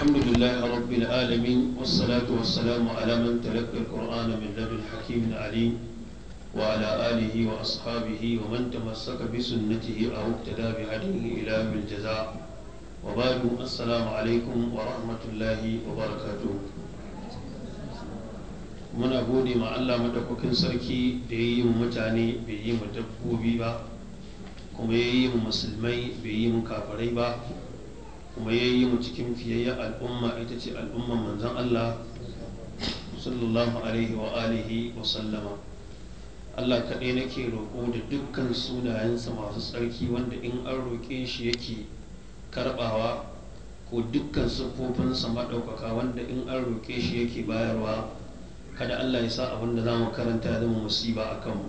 الحمد لله رب العالمين والصلاة والسلام على من تلقى القرآن من لدن حكيم عليم وعلى آله وأصحابه ومن تمسك بسنته أو اقتدى بهديه إلى يوم الجزاء وبعد السلام عليكم ورحمة الله وبركاته muna gode ma Allah madaukakin sarki da ya yi mu mutane bai yi mu dabbobi ba kuma ya yi mu musulmai bai yi mu kafirai ba kuma ya yi mu cikin fiyayya al'umma ita ce al'ummar manzan Allah sallallahu alaihi wa alihi wa sallama Allah kaɗai nake roƙo da dukkan sunayensa masu tsarki wanda in an roƙe shi yake karɓawa ko dukkan siffofinsa maɗaukaka wanda in an roƙe shi yake bayarwa kada Allah ya sa abin da za mu karanta ya zama musiba a kanmu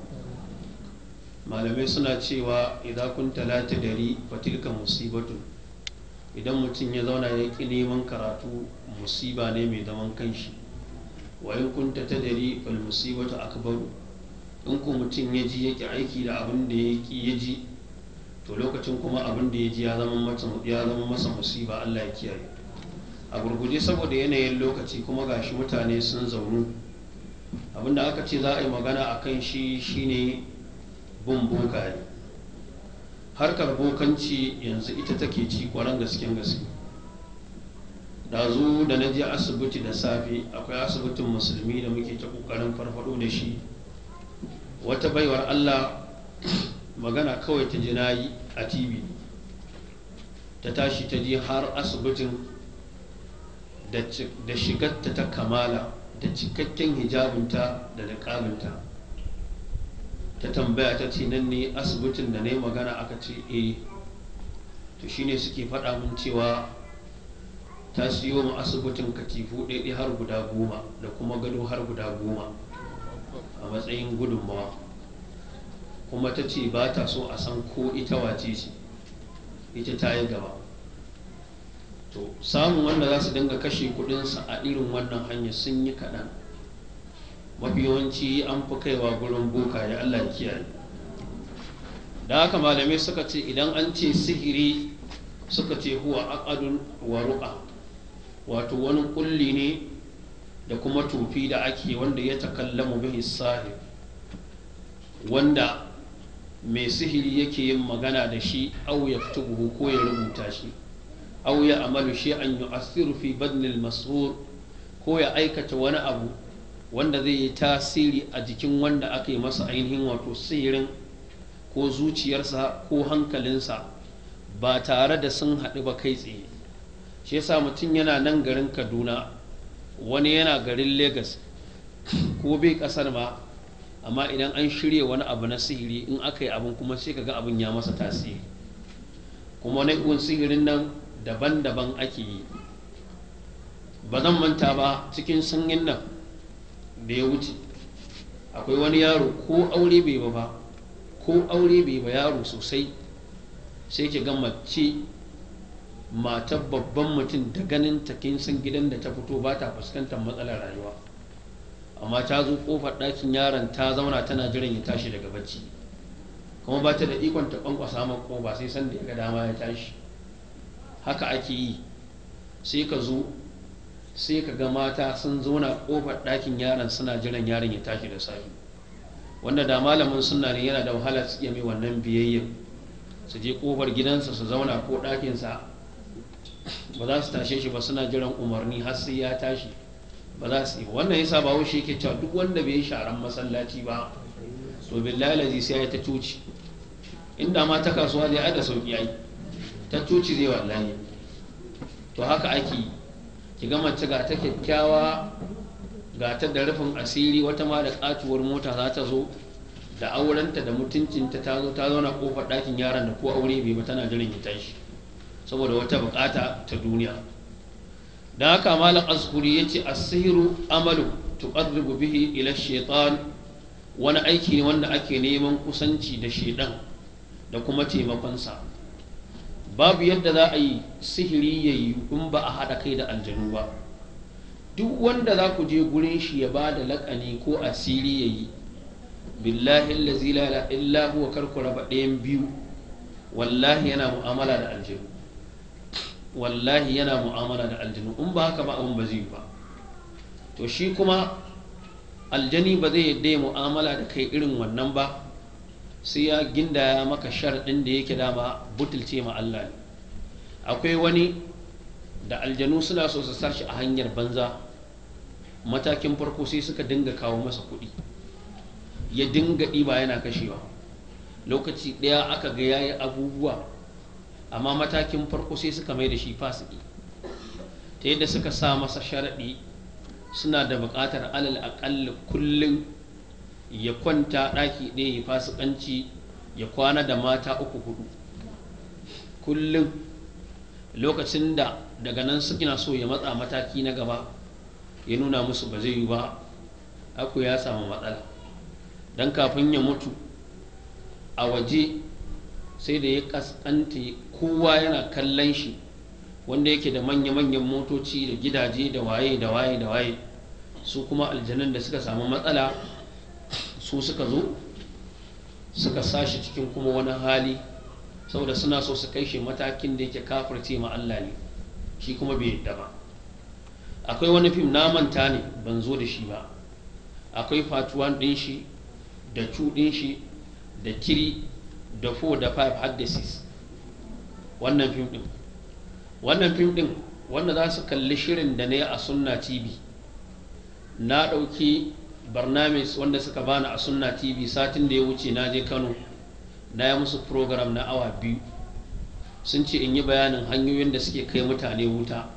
malamai suna cewa idan kun talata dari fatilka musibatu idan mutum ya zauna ya ƙi neman karatu musiba ne mai zaman kanshi wa in kunta ta dari fal musibatu akbaru in ku mutum ya ji ya aiki da abin da ya ƙi ya ji to lokacin kuma abin da ya ji ya zama masa musiba Allah ya kiyaye a gurguje saboda yanayin lokaci kuma gashi mutane sun zaunu da aka ce za a yi magana akan shi shine bin bokaye harkar bokanci yanzu ita take ci kwaran gasken gaske da zo da na je asibiti da safe akwai asibitin musulmi da muke ta kokarin farfado da shi wata baiwar allah magana kawai ta ji nayi a tv ta tashi ta je har asibitin da shigarta ta kamala da cikakken hijabinta da kabinta ta tambaya ta ce nan ne asibitin da na yi magana aka ce E, to shine suke faɗa min cewa ta siyo mu asibitin katifu ɗaiɗai har guda goma da kuma gado har guda goma a matsayin gudunmawa kuma ta ce ba ta so a san ko ita wace ce ita ta yi gaba to samun wanda za su dinga kashe kuɗinsa a irin wannan hanyar sun yi kaɗan mafi yawanci an fi kaiwa gurin boka ya Allah kiyaye da haka malamai suka ce idan an ce sihiri suka ce huwa aqadun wa ru'a wato wani kulli ne da kuma tufi da ake wanda ya takallamu bihi sahib wanda mai sihiri yake yin magana da shi au ya buhu ko ya rubuta shi au ya amalu shi an yu'athiru fi badnil mas'ur ko ya aikata wani abu wanda zai yi tasiri a jikin wanda aka yi masa ainihin wato sihirin ko zuciyarsa ko hankalinsa ba tare da sun haɗu ba kai tsaye shi yasa mutum yana nan garin kaduna wani yana garin Legas ko bai ƙasar ba amma idan an shirya wani abu na sihiri in aka yi abin kuma sai ga abin ya masa tasiri kuma nau'in sihirin nan daban-daban ake yi ba zan manta ba cikin sanyin nan da ya wuce akwai wani yaro ko aure bai ba ba ko aure bai ba yaro sosai sai ki ga mace matar babban mutum da ganin ta kin san gidan da ta fito ba ta fuskantar matsalar rayuwa amma ta zo kofar ɗakin yaron ta zauna tana jiran ya tashi daga bacci kuma ba ta da ikon ta kwankwasa ma ba sai sanda ya ga dama ya tashi haka ake yi sai ka zo sai ka ga mata sun zauna kofar ɗakin yaron suna jiran yaron ya tashi da safe wanda da malamin suna ne yana da wahala su iya mai wannan biyayya su je kofar gidansa su zauna ko ɗakinsa ba za su tashe shi ba suna jiran umarni har sai ya tashi ba za su yi wannan yasa ba wuce yake cewa duk wanda bai yi sharan masallaci ba to billahi lazi sai ya ta cuci inda ma ta kasuwa zai ada sauki ai ta cuci zai wallahi to haka ake yi ki ga mace ga ta kyakkyawa ga ta da rufin asiri wata ma da katuwar mota za ta zo da aurenta da mutuncinta ta zo ta zauna kofar ɗakin yaran da ko aure bai ba tana jiran ya tashi saboda wata bukata ta duniya da haka malam azkuri yace asiru amalu tuqarribu bihi ila shaitan wani aiki ne wanda ake neman kusanci da shaidan da kuma taimakonsa babu yadda za a yi sihiri ya yi in ba a haɗa kai da aljanu ba duk wanda za ku je gurin shi ya ba da laƙani ko asiri ya yi billahi lazi illa huwa karku raba ɗayan biyu wallahi yana mu'amala da aljanu wallahi yana mu'amala da aljanu in ba haka ba abin ba zai ba to shi kuma aljani ba zai yadda mu'amala da kai irin wannan ba sai ya gindaya maka sharɗin da yake dama butulce ma Allah ne akwai wani da aljanu suna so su sashi a hanyar banza matakin farko sai suka dinga kawo masa kuɗi ya dinga ɗiba yana kashewa lokaci ɗaya aka ga ya yi abubuwa amma matakin farko sai suka mai da shi fasiki ta yadda suka sa masa sharaɗi suna da buƙatar alal aƙalla kullum ya kwanta ɗaki ɗaya ya fasikanci ya kwana da mata uku hudu kullum lokacin da daga nan suna so ya matsa mataki na gaba ya nuna musu ba zai yi ba aku ya samu matsala don kafin ya mutu a waje sai da ya kaskanta kowa yana kallon shi wanda yake da manya-manyan motoci da gidaje da waye da waye da waye su kuma aljanun da suka samu matsala su suka zo suka sashi cikin kuma wani hali saboda suna so su kai shi matakin da yake kafirce ma Allah ne shi kuma bai yadda ba akwai wani fim na manta ne ban zo da shi ba akwai fatuwan ɗin shi da cu ɗin shi da kiri da 4 da 5 har da wannan fim ɗin wannan fim ɗin wanda za su kalli shirin da na yi a sunna tv na ɗauki barnamis wanda suka bani a sunna tv satin da ya wuce na je kano na yi musu program na awa biyu sun ce in yi bayanin hanyoyin da suke kai mutane wuta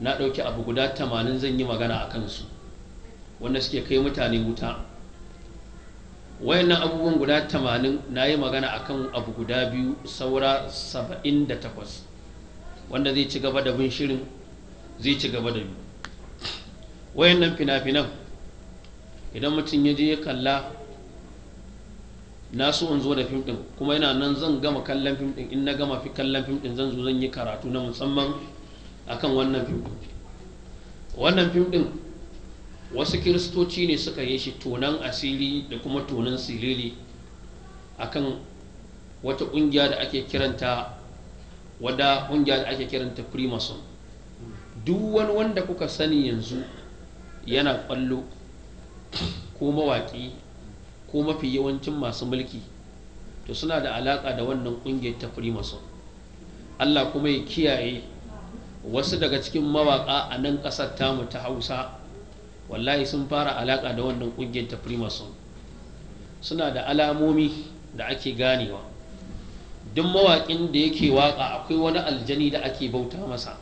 na ɗauki abu guda tamanin zan yi magana a kansu wanda suke kai mutane wuta wayannan abubuwan guda tamanin na yi magana a kan abu guda biyu saura saba'in da takwas wanda zai ci gaba da bin shirin zai ci gaba da biyu wayannan fina-finan idan mutum ya je ya kalla na so in zo da fim din kuma yana nan zan gama kallon fim din in na gama fi kallon fim din zan zo zan yi karatu na musamman akan wannan fim din wannan fim din wasu kiristoci ne suka yi shi tonan asiri da kuma tonan silili akan wata ƙungiya da ake kiranta wadda ƙungiya da ake kiranta primason duk wani wanda kuka sani yanzu yana ƙwallo ko mawaƙi ko mafi yawancin masu mulki to suna da alaƙa da wannan ƙungiyar ta masu Allah kuma ya kiyaye wasu daga cikin mawaƙa a nan ƙasar tamu ta hausa wallahi sun fara alaƙa da wannan ƙungiyar ta masu suna da alamomi da ake ganewa duk mawaƙin da yake waƙa akwai wani aljani da ake bauta masa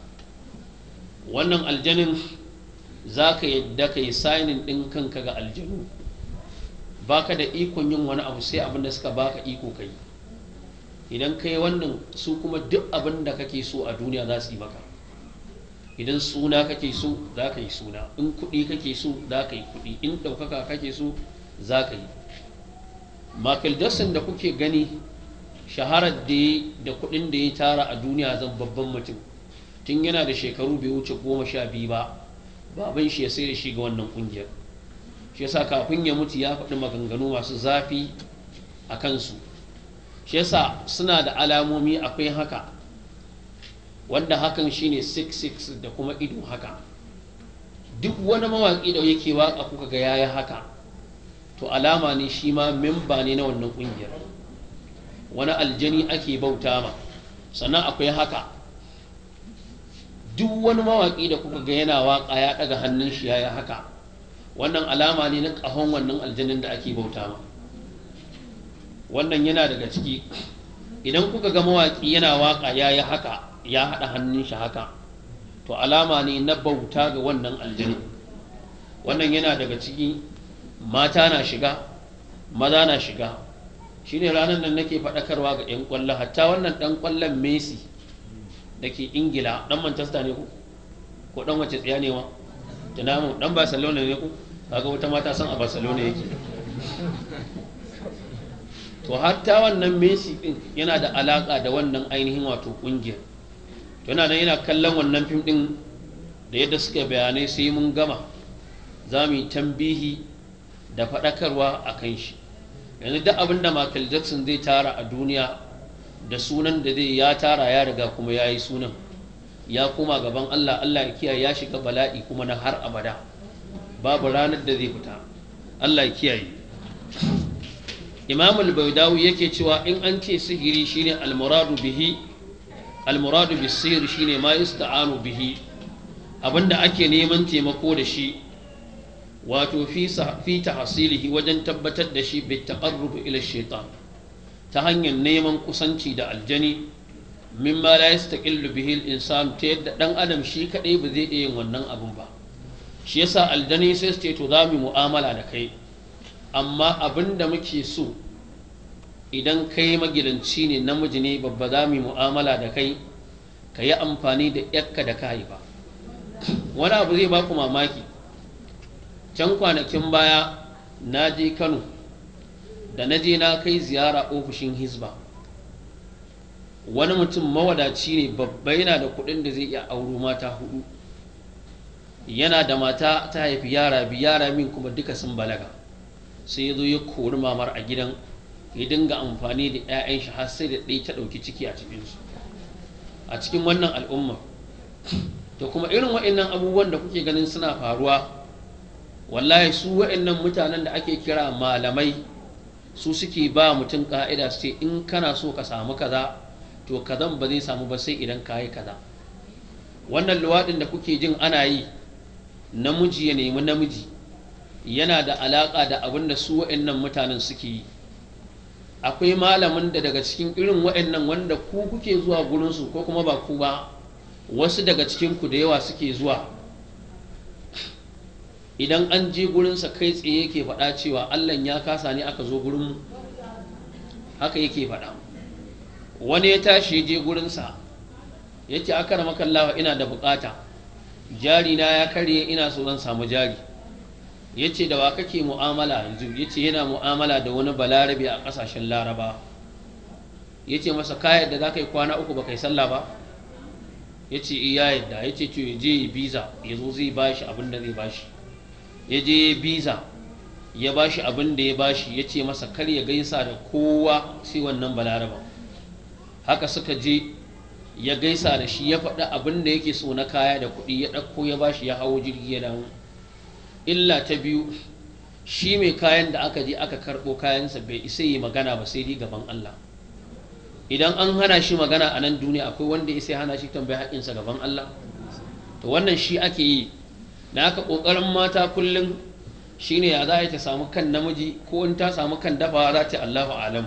wannan aljanin za ka yadda ka yi sainin ɗin kanka ga aljanu ba ka da ikon yin wani abu sai abin da suka ba ka iko ka yi idan ka yi wannan su kuma duk abin da kake so a duniya za su yi maka idan suna kake so za ka yi suna in kuɗi kake so za ka yi kuɗi in ɗaukaka kake so za ka yi michael jackson da kuke gani shaharar da ya da kuɗin da ya tara a duniya zan babban mutum tun yana da shekaru bai wuce goma sha biyu ba baban shi ya sai da shi ga wannan kungiyar shi yasa kafin ya mutu ya faɗi maganganu masu zafi a kansu shi yasa suna da alamomi akwai haka wanda hakan shine 66 da kuma ido haka duk wani mawaƙi da yake waƙa kuka ga yaya haka to alama ne shi ma memba ne na wannan ƙungiyar wani aljani ake bauta ma sannan akwai haka duk wani mawaƙi da kuka ga yana waƙa ya ɗaga hannun shi ya haka wannan alama ne na ƙahon wannan aljanin da ake bauta ma wannan yana daga ciki idan kuka ga mawaƙi yana waƙa ya yi haka ya haɗa hannun shi haka to alama ne na bauta ga wannan aljinin wannan yana daga ciki mata na shiga maza na shiga shine ranar nan nake faɗakarwa ga 'yan ƙwallo hatta wannan ɗan ƙwallon messi da ke ingila dan manchester ne ku ko dan wace tsiya ne wa tunamu dan barcelona ne ku kaga wata mata san a barcelona yake to har ta wannan messi din yana da alaka da wannan ainihin wato kungiyar to yana nan yana kallon wannan fim din da yadda suka bayanai sai mun gama za mu yi tambihi da faɗakarwa a kan shi yanzu duk abin da michael jackson zai tara a duniya da sunan da zai ya tara ya riga kuma ya yi sunan ya koma gaban Allah Allah ya kiyaye ya shiga bala'i kuma na har abada babu ranar da zai fita Allah ya kiyaye Imam al-Baydawi yake cewa in an ce sihiri shine al-muradu bihi al-muradu bis-sihr shine ma yusta'anu bihi abinda ake neman taimako da shi wato fi fi tahsilihi wajen tabbatar da shi bi taqarrub ila shaytan ta hanyar neman kusanci da aljani min ma la yastaqillu bihi al-insan ta yadda dan adam shi kadai ba zai iya wannan abun ba shi yasa aljani sai su ce to za mu mu'amala da kai amma abin da muke so idan kai magidanci ne namiji ne babba za mu mu'amala da kai ka yi amfani da yakka da ka haifa wani abu zai baku mamaki can kwanakin baya na je kano da na je na kai ziyara ofishin hizba wani mutum mawadaci ne babba yana da kuɗin da zai iya auro mata hudu yana da mata ta haifi yara biyu yara min kuma duka sun balaga sai ya zo ya kori mamar a gidan ya dinga amfani da 'ya'yan shi har sai da ɗaya ta ɗauki ciki a cikinsu a cikin wannan al'umma da kuma irin wa'annan abubuwan da kuke ganin suna faruwa wallahi su wa'annan mutanen da ake kira malamai su suke ba mutum ka'ida su ce in kana so ka samu kaza to kazan ba zai samu ba sai idan ka yi kaza wannan luwaɗin da kuke jin ana yi namiji ya nemi namiji yana da alaƙa da abin da su wa'annan mutanen suke yi akwai malamin da daga cikin irin wa'annan wanda ku kuke zuwa gurinsu ko kuma ba ku ba wasu daga cikinku da yawa suke zuwa idan an je gurinsa kai tsaye yake faɗa cewa allah ya kasa ne aka zo gurin haka yake faɗa wani ya tashi je gurinsa ya ce aka rama kallawa ina da bukata jari na ya karye ina so zan samu jari ya ce da wa kake mu'amala yanzu ya yana mu'amala da wani balarabe a kasashen laraba ya ce masa kayar da za ka yi kwana uku ba kai sallah ba ya ce iya eh, yadda yace to je biza ya zai bashi abin da zai bashi ya je biza ya bashi abin da ya bashi ya ce masa kar ya gaisa da kowa sai wannan balaraba haka suka je ya gaisa da shi ya faɗi abin da yake so na kaya da kuɗi ya ɗauko ya ba shi ya hawo jirgi ya damu illa ta biyu shi mai kayan da aka je aka karɓo kayansa bai isa yi magana ba sai dai gaban Allah idan an hana shi magana a nan duniya akwai wanda ya sai hana shi tambaya haƙƙinsa gaban Allah to wannan shi ake yi da haka ƙoƙarin mata kullum shine ya za ta samu kan namiji ko in ta samu kan dafa za ta allahu alam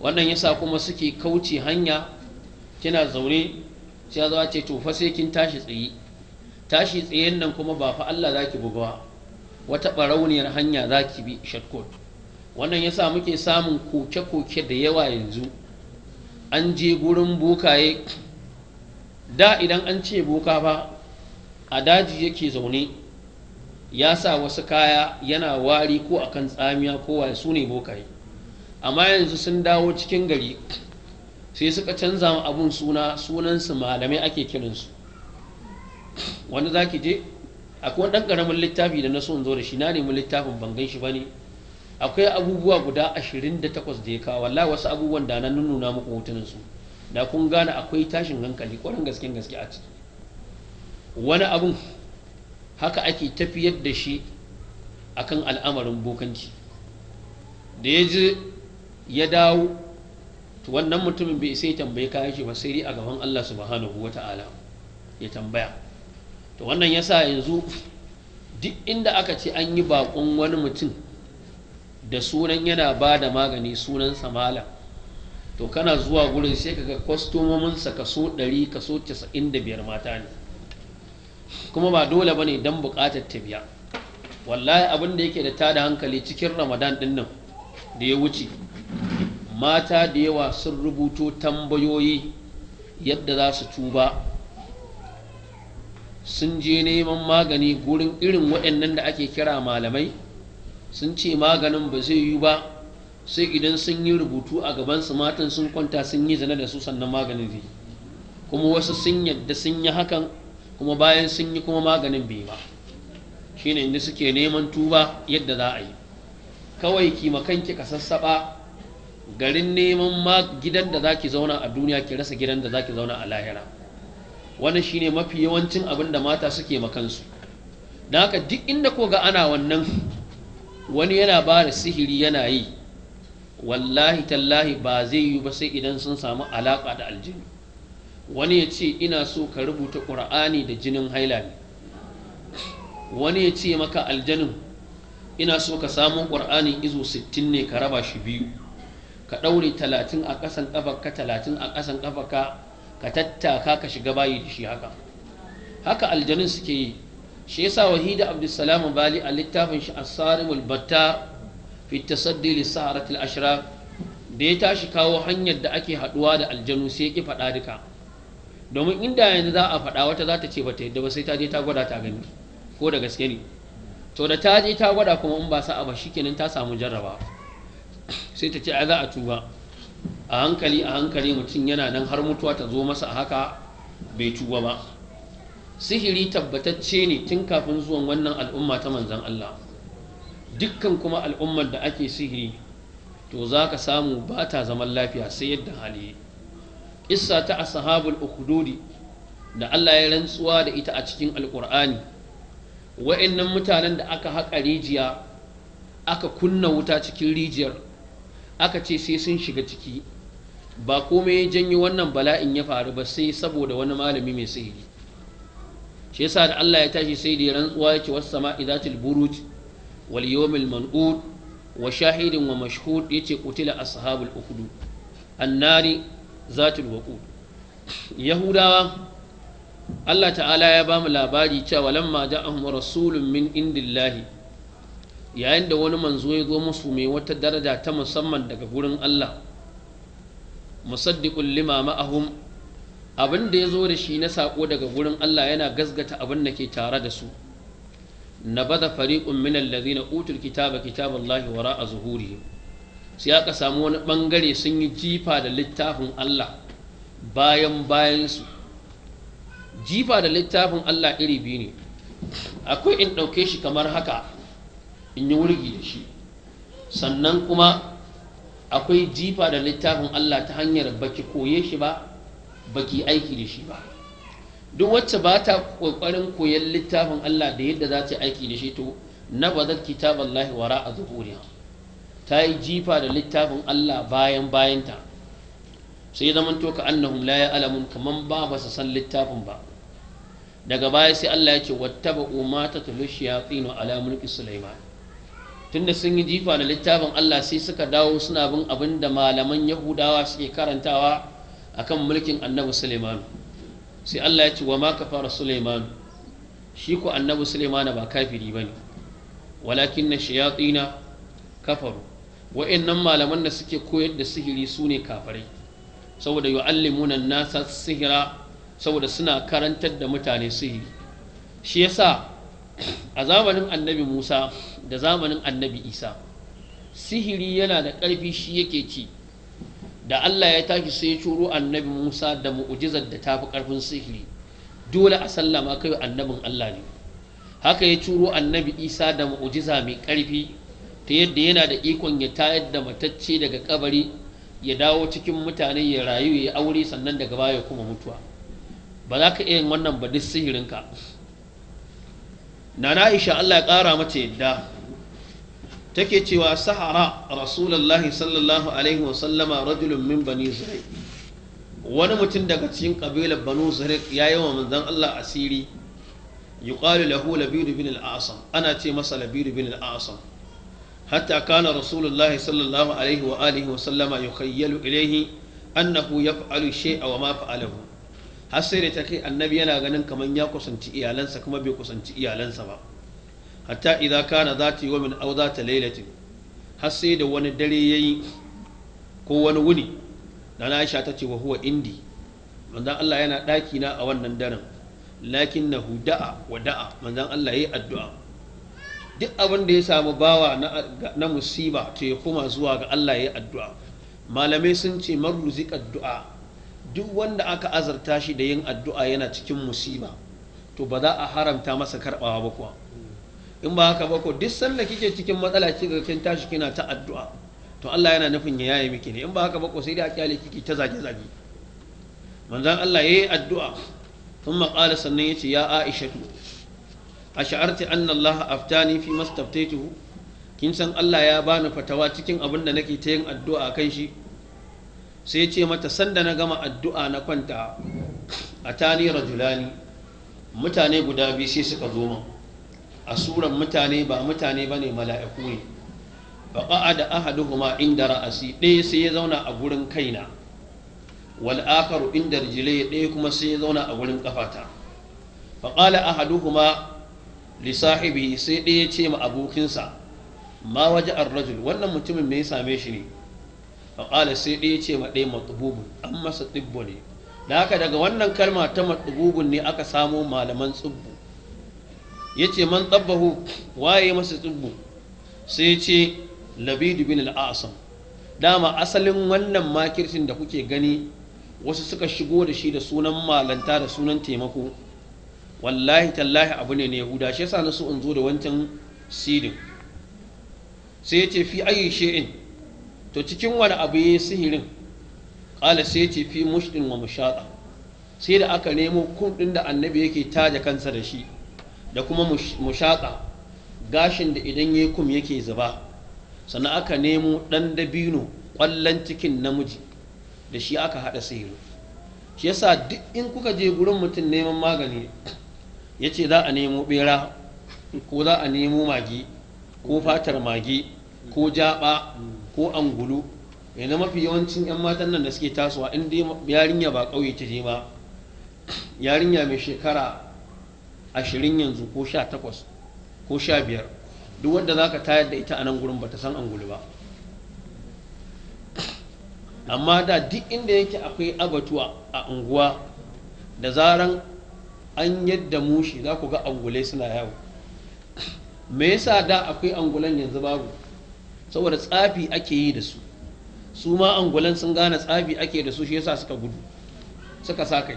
wannan ya sa kuma suke kauce hanya kina zaune sai za ce to fa sai kin tashi tsaye tashi tsayen nan kuma ba fa Allah za ki bugawa? wata barauniyar hanya za ki bi shortcut wannan ya sa muke samun koke-koke da yawa yanzu an je gurin bokaye da idan an ce boka ba a daji yake zaune ya sa wasu kaya yana wari ko akan tsamiya ko waye su ne bokaye amma yanzu sun dawo cikin gari sai suka canza ma abun suna sunansu malamai ake kiransu wanda za ki je akwai ɗan ƙaramin littafi da na so zo da shi na nemi littafin ban gan shi ba ne akwai abubuwa guda 28 da ya kawo wala wasu abubuwan da na nuna muku hotunansu da kun gane akwai tashin hankali ƙwarin gaske gaske a ciki wani abun haka ake tafiyar da shi akan al'amarin bokanci da ya ji ya dawo to wannan mutumin bai sai tambayi kayan shi ba sai dai a gaban Allah subhanahu wa ta'ala ya tambaya to wannan yasa yanzu duk inda aka ce an yi bakon wani mutum da sunan yana ba da magani sunan samala to kana zuwa gurin sai kaga kwastomominsa kaso 100 kaso 95 mata ne kuma ba dole bane dan bukatar ta biya wallahi abin da yake da tada hankali cikin ramadan din da ya wuce mata da yawa sun rubuto tambayoyi yadda za su tuba sun je neman magani gurin irin waɗannan da ake kira malamai sun ce maganin ba zai yi ba sai idan sun yi rubutu a gaban su matan sun kwanta sun yi zane da su sannan maganin zai kuma wasu sun yadda sun yi hakan kuma bayan sun yi kuma maganin bai ba shine inda suke neman tuba yadda za a yi kawai kimakanki ka sassaɓa garin neman gidan da za ki zauna a duniya ki rasa gidan da za ki zauna a lahira wannan shine mafi yawancin abin da mata suke makansu don haka duk inda ko ga ana wannan wani yana ba da sihiri yana yi wallahi tallahi ba zai yi ba sai idan sun samu alaƙa da aljini wani ya ce ina so ka rubuta ƙur'ani da jinin haila ne wani ya ce maka aljanin ina so ka samu ƙur'ani izo 60 ne ka raba shi biyu ka ɗaure 30 a ƙasan ƙafarka 30 a ƙasan ƙafarka ka tattaka ka shiga bayi da shi haka haka aljanin suke yi shi yasa wahida abdulsalam bali a littafin shi asarimul batta fi tasaddi lisaharatul ashraf da ya tashi kawo hanyar da ake haɗuwa da aljanu sai ya ki faɗa duka domin inda yanzu za a faɗa wata za ta ce ba ta yadda ba sai ta je ta gwada ta gani ko da gaske ne to da ta je ta gwada kuma in ba a ba kenan ta samu jarraba sai ta ce a za a tuba a hankali a hankali mutum yana nan har mutuwa ta zo masa a haka bai tuba ba sihiri tabbatacce ne tun kafin zuwan wannan al'umma ta manzan Allah dukkan kuma al'ummar da ake sihiri to za ka samu ba ta zaman lafiya sai yadda hali kissa ta ashabul ukhdudi da Allah ya rantsuwa da ita a cikin alqur'ani wa'annan mutanen da aka haƙa rijiya aka kunna wuta cikin rijiyar aka ce sai sun shiga ciki ba komai ya janyo wannan bala'in ya faru ba sai saboda wani malami mai sihiri shi yasa da Allah ya tashi sai da ya rantsuwa ya ce wasu sama idatul buruj wal yawmil man'ud wa shahidin wa mashhud yace qutila ashabul ukhdud annari zatul waqud yahudawa Allah ta'ala ya ba mu labari cewa lamma ja'ahum rasulun min indillahi yayin da wani manzo ya zo musu mai wata daraja ta musamman daga gurin Allah musaddiqul lima ma'ahum abin da ya zo da shi na sako daga gurin Allah yana gasgata abin da ke tare da su na nabada fariqun min na utul kitaba kitaballahi wara'a zuhurihim sai aka samu wani bangare sun yi jifa da littafin Allah bayan bayansu jifa da littafin Allah iri biyu ne akwai in ɗauke shi kamar haka in yi wurgi da shi sannan kuma akwai jifa da littafin Allah ta hanyar baki koye shi ba baki aiki da shi ba duk wacce ba ta ƙoƙarin koyon littafin Allah da yadda za ta aiki da shi to na bazar kitab Allah wara a zuhuriya ta yi jifa da littafin Allah bayan bayanta sai zaman to ka annahum la ya'lamun kaman ba ba su san littafin ba daga baya sai Allah ya ce wattaba ma ta tsino ala mulki sulaiman tunda sun yi jifa da littafin Allah sai suka dawo suna bin abin da malaman yahudawa suke karantawa akan mulkin annabi sulaiman sai Allah ya ce wa ma kafara sulaiman shi ku annabi sulaiman ba kafiri bane walakin na shayatin kafaru wa'annan malaman da suke koyar da sihiri su ne kafarai saboda yu'allimuna nasa sihira saboda suna karantar da mutane sihiri shi yasa a zamanin annabi Musa da zamanin annabi Isa sihiri yana da ƙarfi shi yake ci da Allah ya tashi sai ya curo annabi Musa da mu'ujizar da ta fi ƙarfin sihiri dole a sallama kai annabin Allah ne haka ya curo annabi Isa da mu'ujiza mai ƙarfi ta yadda yana da ikon ya tayar da matacce daga kabari ya dawo cikin mutane ya rayu ya aure sannan daga baya kuma mutuwa ba za ka iya wannan ba duk sihirinka na na'isha Allah ya ƙara mata yadda take cewa sahara rasulullahi sallallahu alaihi wasallama rajulun min bani zurek wani mutum daga cikin ƙabilar banu zurek ya yi wa manzan Allah asiri yuqalu lahu labidu bin al'asam ana ce masa labidu bin al'asam hatta kana rasulullahi sallallahu alaihi wa alihi wa sallama yukhayyalu ilaihi annahu yaf'alu shay'a wa ma fa'alahu har sai da ta annabi yana ganin kamar ya kusanci iyalansa kuma bai kusanci iyalansa ba hatta idza kana zati yawmin aw zata laylatin har sai da wani dare yayi ko wani wuni dan Aisha ta ce wa huwa indi manzon Allah yana daki na a wannan daren lakinnahu da'a wa da'a manzon Allah yayi addu'a duk abin da ya samu bawa na musiba to ya koma zuwa ga Allah ya addu'a malamai sun ce marruzik addu'a duk wanda aka azarta shi da yin addu'a yana cikin musiba to ba za a haramta masa karbawa ba kuwa in ba haka ba ko duk sanda kike cikin matsala kika kin tashi kina ta addu'a to Allah yana nufin ya yaye miki ne in ba haka ba ko sai dai a kyale kiki ta zage zage manzon Allah yayi addu'a sun maƙala sannan yace ya aishatu a sha'arti anna Allah aftani fi mastaftaitu kin san Allah ya bani fatawa cikin abin da nake ta yin addu'a kan shi sai ce mata sanda na gama addu'a na kwanta a tani rajulani mutane guda biyu sai suka zo min a suran mutane ba mutane ba ne mala'iku ne ba ƙa'a da ahaduhuma inda ra'asi ɗaya sai ya zauna a gurin kaina wal akaru inda rijile ɗaya kuma sai ya zauna a gurin ƙafata faƙala ahaduhuma li sahibi sai ɗaya ce ma abokinsa ma waje rajul wannan mutumin me ya same shi ne ƙala sai ɗaya ce ma ɗaya matububun an masa tsibbo ne da haka daga wannan kalma ta matububun ne aka samo malaman tsibbo ya ce man tsabbahu waye masa tsibbo sai ce labidu bin al'asam dama asalin wannan makircin da kuke gani wasu suka shigo da shi da sunan malanta da sunan taimako wallahi tallahi abu ne na yahuda shi yasa na su in zo da wancan sidin sai ce fi ayi shi'in to cikin wani abu yi sihirin Kala sai ce fi mushdin wa mushaɗa. sai da aka nemo kun da annabi yake taja kansa da shi da kuma mushaɗa gashin da idan yayi kum yake zuba sannan aka nemo dan dabino ƙwallon cikin namiji da shi aka haɗa sihirin shi yasa duk in kuka je gurin mutum neman magani ya ce za a nemo bera ko za a nemo magi ko fatar magi ko jaba ko angulu yana mafi yawancin 'yan matan nan da suke tasowa inda yarinya ba ƙauye ta je ba yarinya mai shekara ashirin yanzu ko sha ko sha biyar duk wadda za ka tayar da ita a nan gurin ba ta san angulu ba amma da duk inda yake akwai abatuwa a unguwa da zaran an yadda mushi za ku ga angulai suna yawo me yasa da akwai angulan yanzu babu saboda tsafi ake yi da su su ma angulan sun gane tsafi ake da su shi yasa suka gudu suka sa kai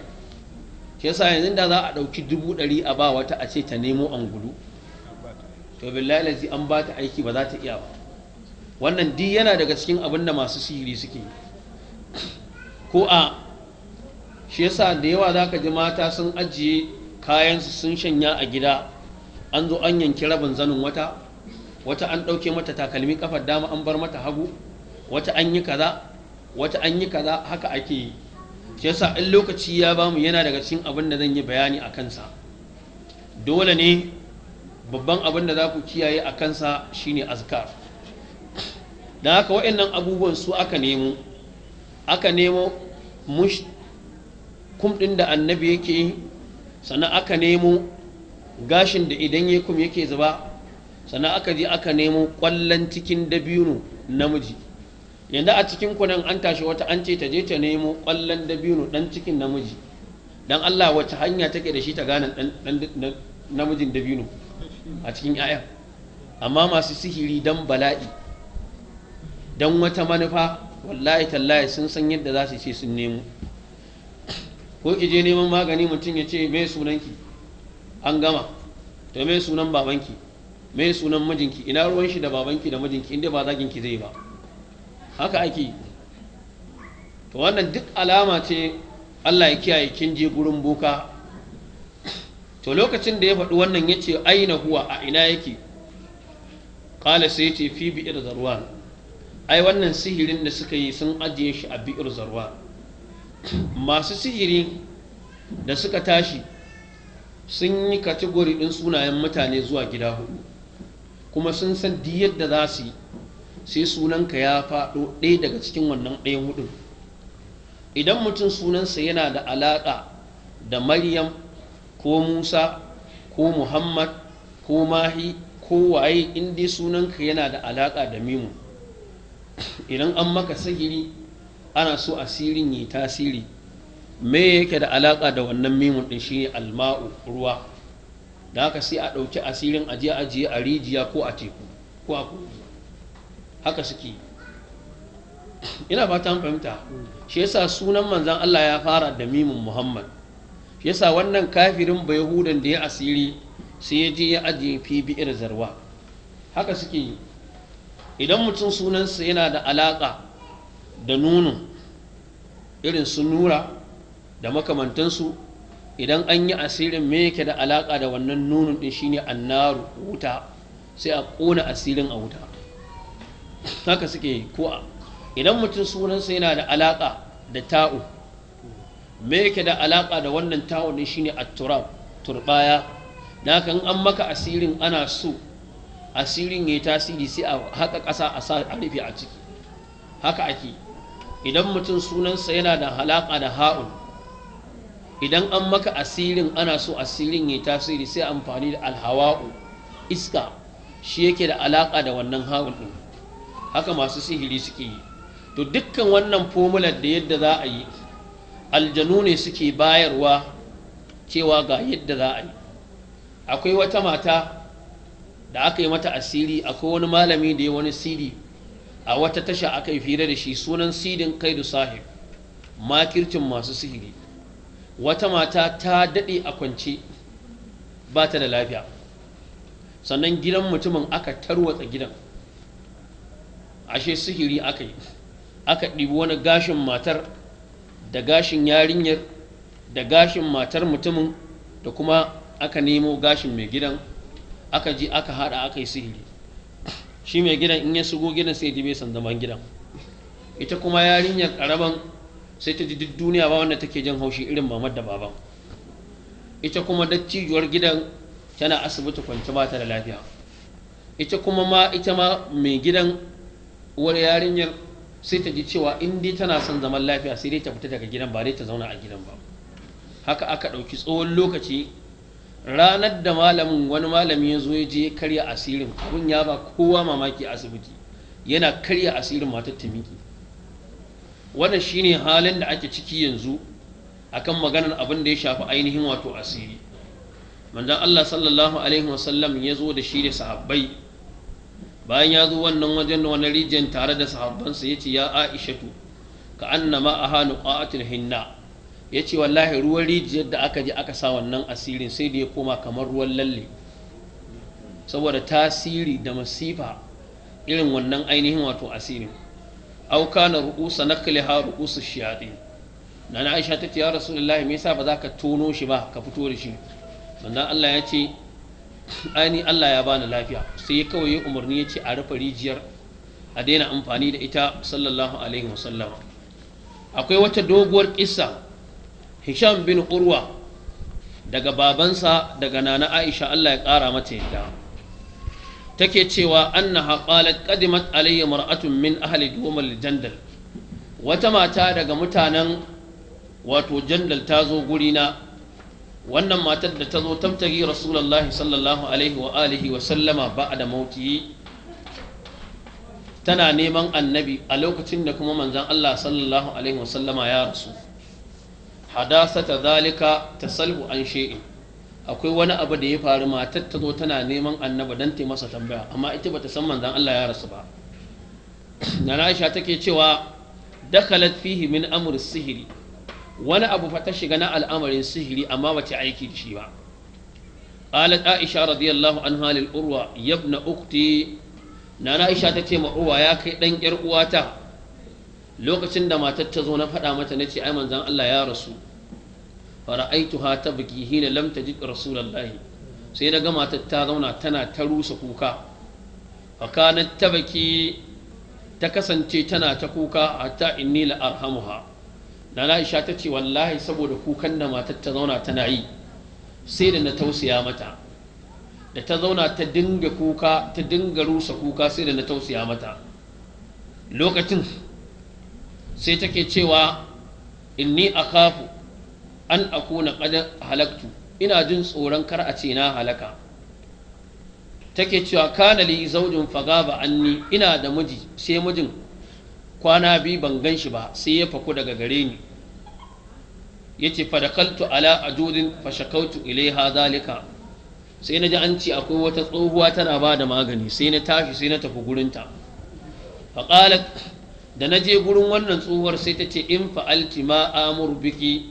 shi yasa yanzu da za a ɗauki dubu ɗari a ba wata a ce ta nemo angulu to billahi lazi an ba ta aiki ba za ta iya ba wannan di yana daga cikin abin da masu sihiri suke ko a shi yasa da yawa za ka ji mata sun ajiye kayansu sun shanya a gida an zo an yanki rabin zanin wata wata an ɗauke mata takalmi kafar dama an bar mata hagu wata an yi kaza wata an yi kaza haka ake yi shi yasa in lokaci ya bamu yana daga cikin abin da zan yi bayani a kansa dole ne babban abin da za ku kiyaye a kansa shine azkar da haka waɗannan abubuwan su aka nemo aka nemo kum ɗin da annabi yake yi sannan aka nemo gashin da idan ya kum yake zuba sannan aka je aka nemo ƙwallon cikin dabino namiji yanzu a cikin kunan an tashi wata an ce ta je ta nemo ƙwallon dabino dan cikin namiji dan Allah wacce hanya take da shi ta gane ɗan namijin dabino a cikin 'ya'ya amma masu sihiri dan bala'i dan wata manufa wallahi tallahi sun san yadda za su ce sun nemo ko ki je neman magani mutum ya ce me sunanki an gama to me sunan babanki me sunan mijinki ina ruwan shi da babanki da mijinki inda ba zagin ki zai ba haka ake to wannan duk alama ce Allah ya kiyaye kin je gurin boka to lokacin da ya faɗi wannan ya ce aina huwa a ina yake ƙala sai ya ce fi bi'ir zarwan ai wannan sihirin da suka yi sun ajiye shi a bi'ir zarwan masu sihiri da suka tashi sun yi kategori ɗin sunayen mutane zuwa gida hudu kuma sun san di yadda za su yi sai sunanka ya faɗo ɗaya daga cikin wannan ɗayan hudun idan mutum sunansa yana da alaƙa da maryam ko musa ko muhammad ko mahi ko waye inda sunanka yana da alaƙa da mimu idan an maka sihiri ana so asirin yi tasiri me yake da alaka da wannan mimun din shi alma'u ruwa da haka sai a ɗauki asirin aje ajiye a rijiya ko a teku ko a kogi haka suke ina fatan fahimta shi yasa sunan manzan Allah ya fara da mimun Muhammad shi yasa wannan kafirin bayahudan da ya asiri sai ya je ya ajiye fi bi'ir zarwa haka suke yi idan mutum sunansa yana da alaƙa da nono irin su nura da makamantansu idan an yi asirin me yake da alaƙa da wannan nunun ɗin shine annaru wuta sai a ƙona asirin a wuta haka suke ko idan mutum sunansa yana da alaƙa da ta'u me yake da alaƙa da wannan ta'u ɗin shine at-turab turbaya da kan an maka asirin ana so asirin ya yi tasiri sai a haka ƙasa a rufe a ciki haka ake idan mutum sunansa yana da halaƙa da ha'un idan an maka asirin ana so asirin ya tasiri sai amfani da alhawa'u iska shi yake da alaƙa da wannan ha'un ɗin haka masu sihiri suke yi to dukkan wannan fomular da yadda za a yi aljanu ne suke bayarwa cewa ga yadda za a yi akwai wata mata da aka yi mata asiri akwai wani malami da ya wani siri a wata tasha aka yi fira da shi sunan sidin kai da sahib makircin masu sihiri wata mata ta daɗe a kwance ba ta da lafiya sannan gidan mutumin aka tarwatsa gidan ashe sihiri aka yi aka ɗibi wani gashin matar da gashin yarinyar da gashin matar mutumin da kuma aka nemo gashin mai gidan aka ji aka haɗa aka yi sihiri shi mai gidan in ya shigo gidan sai ji bai san gidan ita kuma yarinyar karaman sai ta ji duk duniya ba wanda take jin haushi irin mamar da baban ita kuma dattijuwar gidan tana asibiti kwanci ba ta da lafiya ita kuma ma ita ma mai gidan uwar yarinyar sai ta ji cewa in dai tana son zaman lafiya sai dai ta fita daga gidan ba dai ta zauna a gidan ba haka aka ɗauki tsohon lokaci ranar da malamin wani malamin ya zo ya je karya asirin abin ya ba kowa mamaki asibiti yana karya asirin matar timiki wannan shine halin da ake ciki yanzu akan maganar abin da ya shafi ainihin wato asiri manzon Allah sallallahu alaihi wasallam ya zo da shi da sahabbai bayan ya zo wannan wajen da wani rijiyar tare da sahabbansa ya ce ya aishatu ka annama ahanu qa'atul hinna ya ce wallahi ruwan rijiyar da aka ji aka sa wannan asirin sai da ya koma kamar ruwan lalle saboda tasiri da masifa irin wannan ainihin wato asirin auka na ru'usa na kaliha ru'usu shiyaɗe na na aisha ta ce ya rasulullahi me yasa ba za ka tono shi ba ka fito da shi Sannan Allah ya ce aini Allah ya bani lafiya sai ya kawai ya umarni ya ce a rufe rijiyar a daina amfani da ita sallallahu alaihi wasallama akwai wata doguwar kissa hisham bin urwa daga babansa daga nana aisha allah ya ƙara mata yadda take cewa annaha qalat qadimat alayya mar'atun min ahli dumal jandal wata mata daga mutanen wato jandal ta zo guri na wannan matar da ta zo tamtagi rasulullahi sallallahu alaihi wa alihi wa sallama ba'da mauti tana neman annabi a lokacin da kuma manzon Allah sallallahu alaihi wa sallama ya rasu hadasata zalika tasalhu an shay'in akwai wani abu da ya faru matar ta zo tana neman annaba dan ta masa tambaya amma ita bata san manzan Allah ya rasu ba na Aisha take cewa dakalat fihi min amr sihiri wani abu fa ta shiga na al'amarin sihiri amma bata aiki da shi ba qalat Aisha radiyallahu anha lil urwa yabna ukti na Aisha tace ma urwa ya kai dan yar uwata lokacin da matar ta zo na faɗa mata na ce ai manzan Allah ya rasu ha ta biki hina lam ji rasulullahi sai na ga matar ta zauna tana ta rusa kuka fakanat ta baki ta kasance tana ta kuka hatta inni la arhamuha na Aisha ta ce wallahi saboda kukan da matar ta zauna tana yi sai da na tausaya mata da ta zauna ta dinga kuka ta dinga rusa kuka sai da na tausaya mata lokacin sai take cewa inni akhafu an akuna qad halaktu ina jin tsoron kar a ce na halaka take cewa kana li zaujin fagaba anni ina da miji sai mijin kwana bi ban gan shi ba sai ya faku daga gare ni yace fadakaltu ala ajudin fashakautu ilaiha zalika sai na ji an ce akwai wata tsohuwa tana ba da magani sai na tashi sai na tafi gurinta qalat da na je gurin wannan tsohuwar sai ta ce in fa'alti ma amur biki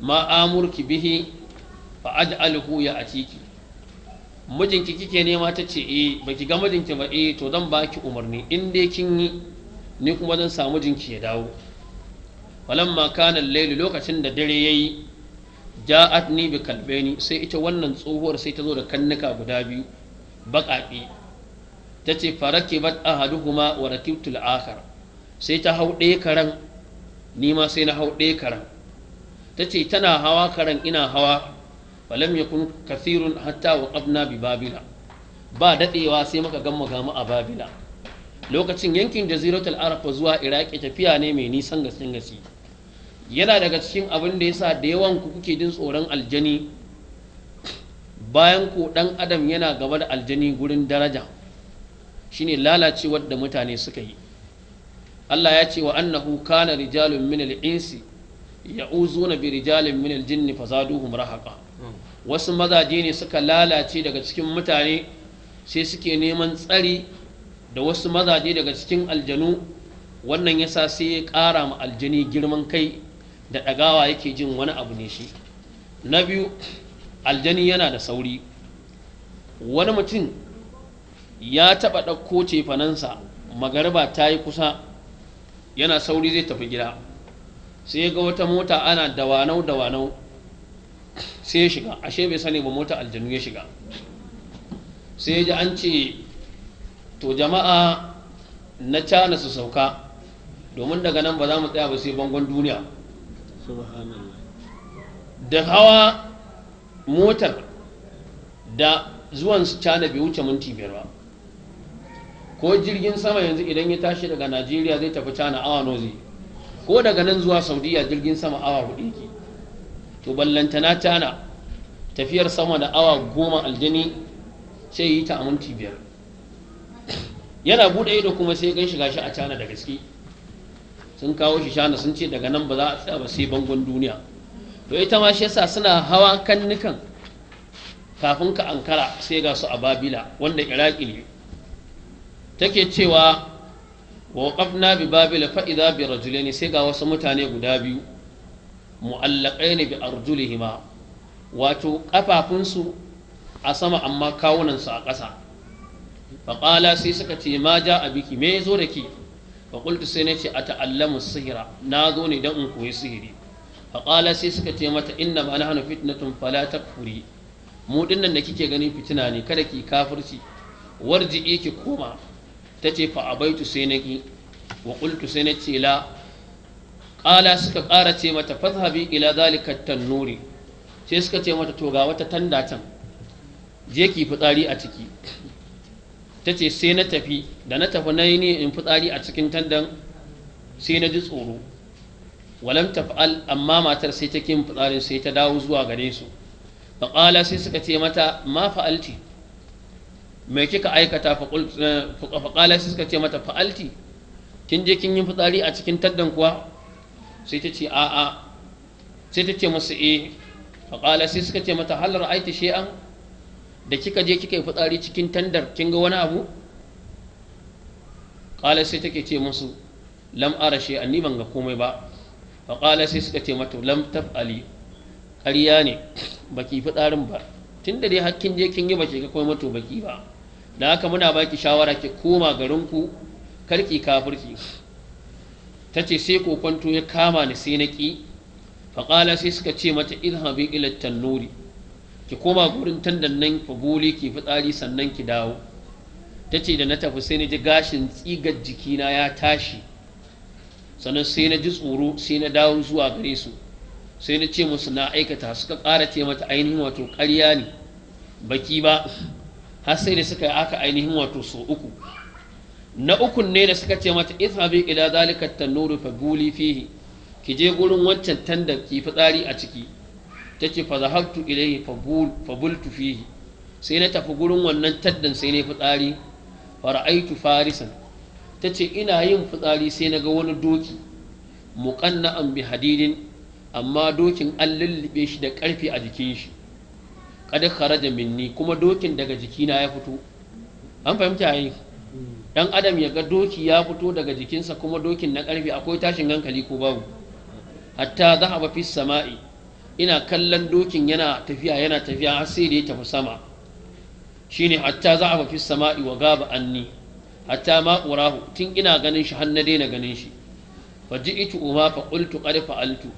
ma ki bihi fa'ad alhu ya a mijinki kike nema ta ce eh baki ga mijinki ba eh to zan baki umarni in dai kin yi ni kuma zan samu jinki ya dawo falamma kana laili lokacin da dare yayi ja'at ni bi kalbaini sai ita wannan tsohuwar sai ta zo da kannuka guda biyu baƙaƙe ta ce farake bat ahaduhuma wa rakibtul akhar sai ta hau ɗaya karen ni ma sai na hau ɗaya karen ta ce tana hawa karen ina hawa falam yakun kathirun hatta waqadna bi babila ba daɗewa sai muka gama gamu a babila lokacin yankin jaziratul Arafa zuwa iraki tafiya ne mai nisan gaske gaske yana daga cikin abin da yasa da yawan ku kuke jin tsoron aljani bayan ku dan adam yana gaba da aljani gurin daraja shine lalacewar da mutane suka yi Allah ya ce wa annahu kana rijalun min al-insi ya'uzuna bi rijalin min al-jinni fazaduhum rahaqa wasu mazaje ne suka lalace daga cikin mutane sai suke neman tsari da wasu mazaje daga cikin aljanu wannan yasa sai ya ƙara ma aljani girman kai da ɗagawa yake jin wani abu ne shi na biyu aljani yana da sauri wani mutum ya taɓa ɗauko cefanansa magariba ta yi kusa yana sauri zai tafi gida sai ya ga wata mota ana dawanau dawanau sai ya shiga ashe bai sani ba mota aljanu ya shiga sai ya ji an ce to jama'a na cana su sauka domin daga nan ba za mu tsaya ba sai bangon duniya da hawa motar da zuwan su cana bai wuce minti biyar ba ko jirgin sama yanzu idan ya tashi daga najeriya zai tafi cana awa nozi ko daga nan zuwa saudiya jirgin sama awa hudu ke to ballantana cana tafiyar sama da awa goma aljini sai yi ta aminti biyar yana buɗe ido kuma sai gan shiga shi a cana da gaske sun kawo shi shana sun ce daga nan ba za a tsaya ba sai bangon duniya to ita ma shi yasa suna hawa kannukan kafin ka ankara sai ga su a babila wanda iraki ne take cewa waƙafna bi babila fa'iza bi rajulaini sai ga wasu mutane guda biyu mu'allaƙai ne bi arjulihima wato ƙafafunsu a sama amma kawunansu a ƙasa faƙala sai suka ce ma ja a biki me zo da ke faƙultu sai na ce a ta'allamu sihira na zo ne don in koyi sihiri faƙala sai suka ce mata inna ma na hannu fitnatun fala takfuri mu dinnan da kike ganin fitina ne kada ki kafirci warji'i ki koma ta ce fa sai na ki wa sai na ce la ƙala suka ƙara ce mata fazhabi ila zalika tannuri sai suka ce mata to ga wata tanda can je ki fitsari a ciki ta ce sai na tafi da na tafi na yi ne in fitsari a cikin tandan sai na ji tsoro walam taf'al amma matar sai ta kin fitsarin sai ta dawo zuwa gare su ƙala sai suka ce mata ma fa'alti me kika aikata eh, sai suka ce mata fa'alti kin je kin yi fitsari a cikin taddan kuwa sai ta ce a'a sai ta ce musu eh faƙalar sai suka ce mata halar aiti she'an da kika je kika yi fitsari cikin tandar kin ga wani abu qala sai take ce musu lam ara she'an ni ban ga komai ba faƙalar sai suka ce mata lam taf'ali ƙarya ne baki fitsarin ba tun da dai hakkin je kin yi baki ga komai mato baki ba da haka muna baki shawara ki koma garinku karki kafirki ta ce sai kokonto ya kama ni sai na ƙi faƙala sai suka ce mata idhabi ila tannuri ki koma gurin tandan nan faguli ki fitsari sannan ki dawo ta ce da na tafi sai na ji gashin tsigar jikina ya tashi sannan sai na ji tsoro sai na dawo zuwa gare su sai na ce musu na aikata suka ƙara ce mata ainihin wato ƙarya ne baki ba har sai da suka aka ainihin wato so uku na ukun ne da suka ce mata izhabi ila zalika tanuru fa guli fihi ki je gurin wancan tanda ki fitsari a ciki tace fa zahabtu ilayhi fa bultu fihi sai na tafi gurin wannan taddan sai na fitsari fa ra'aitu farisan tace ina yin fitsari sai na ga wani doki muqanna'an bi hadidin amma dokin an lullube shi da karfi a jikin shi kada kharaja minni kuma dokin daga jikina ya fito an fahimta yi dan adam ya ga doki ya fito daga jikinsa kuma dokin na karfi akwai tashin hankali ko babu hatta zahaba fi sama'i ina kallon dokin yana tafiya yana tafiya har sai da ya tafi sama shine hatta zahaba fi sama'i wa gaba anni hatta ma urahu tun ina ganin shi har na daina ganin shi fa ji'tu uma fa qultu qad fa'altu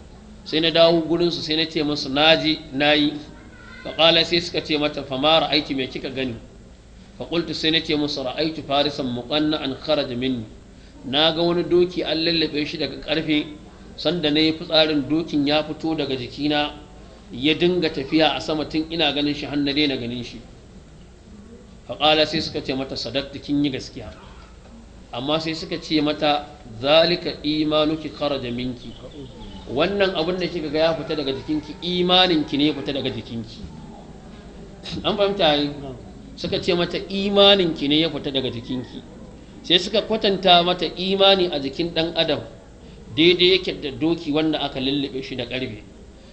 sai na dawo gurin su sai na ce musu naji nayi faƙala sai suka ce mata famara aiki mai kika gani faƙultu sai na ce musu ra'aitu farisan muƙanna an da mini na ga wani doki an lallabe shi daga ƙarfe sanda na yi fitsarin dokin ya fito daga jikina ya dinga tafiya a sama tun ina ganin shi har na ganin shi faƙala sai suka ce mata da kin yi gaskiya amma sai suka ce mata zalika imanuki da minki wannan abin da kika ga ya fita daga jikinki imaninki ne fita daga jikinki an fahimta suka ce mata imanin ki ne ya fita daga jikinki sai suka kwatanta mata imani a jikin dan adam daidai yake da doki wanda aka lullube shi da karfe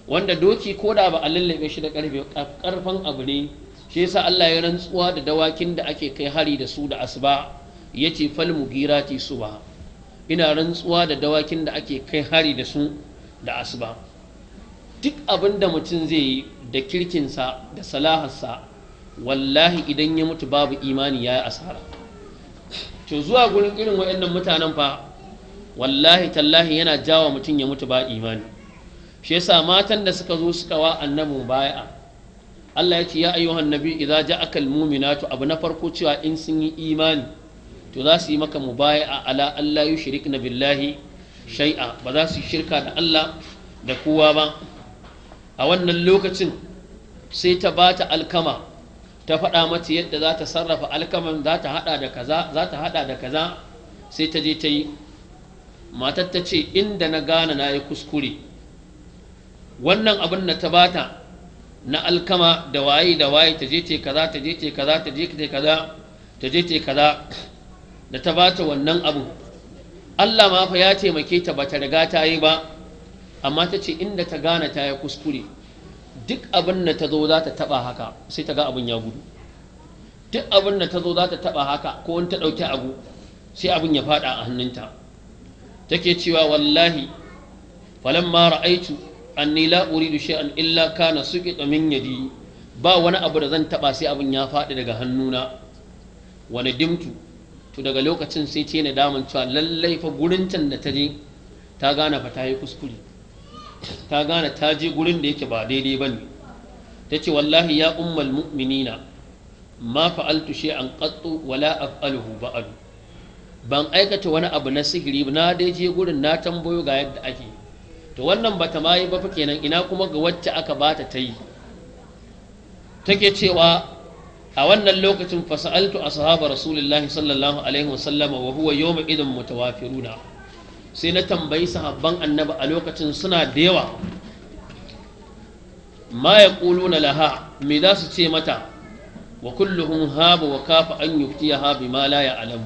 wanda doki ko da ba a lullube shi da karfe karfan abu ne shi yasa Allah ya rantsuwa da dawakin da ake kai hari da su da asuba yace fal mugirati ba ina rantsuwa da dawakin da ake kai hari da su da asuba duk abin da mutum zai yi da kirkinsa da salaharsa wallahi idan ya mutu babu imani ya yi asara to zuwa gurin irin waɗannan mutanen fa wallahi tallahi yana jawa mutum ya mutu ba imani shi yasa matan da suka zo suka wa annabin baya Allah ya ce ya ayyuhan nabi idza ja'aka muminatu abu na farko cewa in sun yi imani to za su yi maka mubaya'a ala Allah yushrikna billahi shai'a ba za su shirka da Allah da kowa ba a wannan lokacin sai ta ba ta alkama ta faɗa mata yadda za ta sarrafa alkaman za ta haɗa da kaza za ta haɗa da kaza sai ta je ta yi matar ta ce inda na gane na yi kuskure wannan abin da ta bata na alkama da waye da waye ta je ta kaza ta je ta kaza ta je ta kaza ta je ta kaza da ta bata wannan abu Allah ma fa ya taimake ta bata riga ta yi ba amma ta ce inda ta gane ta yi kuskure duk abin da ta zo za ta taba haka sai ta ga abin ya gudu duk abin da ta zo za ta taba haka ko wani ta ɗauki abu sai abin ya fada a hannunta take cewa wallahi falamma ra'aitu anni la uridu shay'an illa kana suqita min yadi ba wani abu da zan taba sai abin ya faɗi daga hannuna wani dimtu to daga lokacin sai ce na damun cewa lallai fa gurin can da ta je ta gane fa ta yi kuskure ta gane ta je gurin da yake ba daidai ba ne ta ce wallahi ya ummal mu'minina ma fa'altu shi an ƙattu wala af'aluhu ba'adu ban aikata wani abu na sihiri na dai je gurin na tambayo ga yadda ake to wannan bata ma yi ba fa kenan ina kuma ga wacce aka bata ta yi take cewa a wannan lokacin fasa'altu ashabar rasulullahi sallallahu alaihi wasallama wa huwa yawma idan mutawafiruna sai na tambayi sahabban annabi a lokacin suna da yawa ma ya na laha mai za su ce mata wa kullum Habu wa kafa an yuftiya ha ma la ya alamu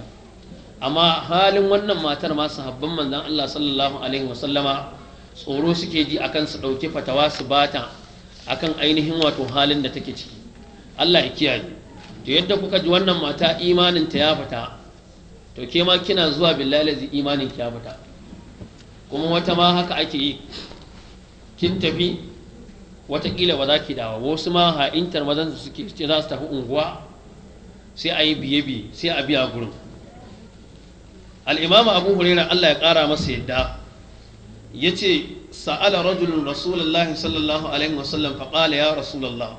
amma halin wannan matar ma sahabban manzan Allah sallallahu alaihi wasallama tsoro suke ji akan su ɗauki fatawa su bata akan ainihin wato halin da take ciki Allah ya kiyaye to yadda kuka ji wannan mata imanin ta ya fata to ke ma kina zuwa billahi imanin ki ya fita kuma wata ma haka ake yi kin tafi watakila ba za ki dawo wasu ma ha'intar mazan su suke ce za su tafi unguwa sai a yi biye-biye sai a biya gurin al'imama abu hurairar allah ya kara masa yadda ya ce sa'ala rajulun rasulallah sallallahu alaihi wasallam faƙala ya rasulallah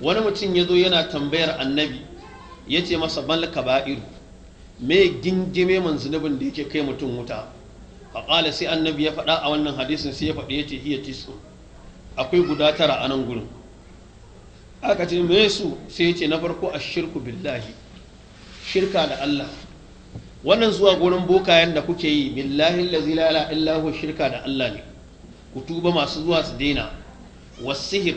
wani mutum ya zo yana tambayar annabi ya ce masa bal kaba'iru me gingime man zunubin da yake kai mutum wuta faƙala sai annabi ya faɗa a wannan hadisin sai ya faɗi ya ce hiya tisu akwai guda tara a nan gurin aka ce me su sai ya ce na farko a shirku billahi shirka da Allah wannan zuwa gurin bokayen da kuke yi billahi lazi la illahu shirka da Allah ne ku tuba masu zuwa su daina sihir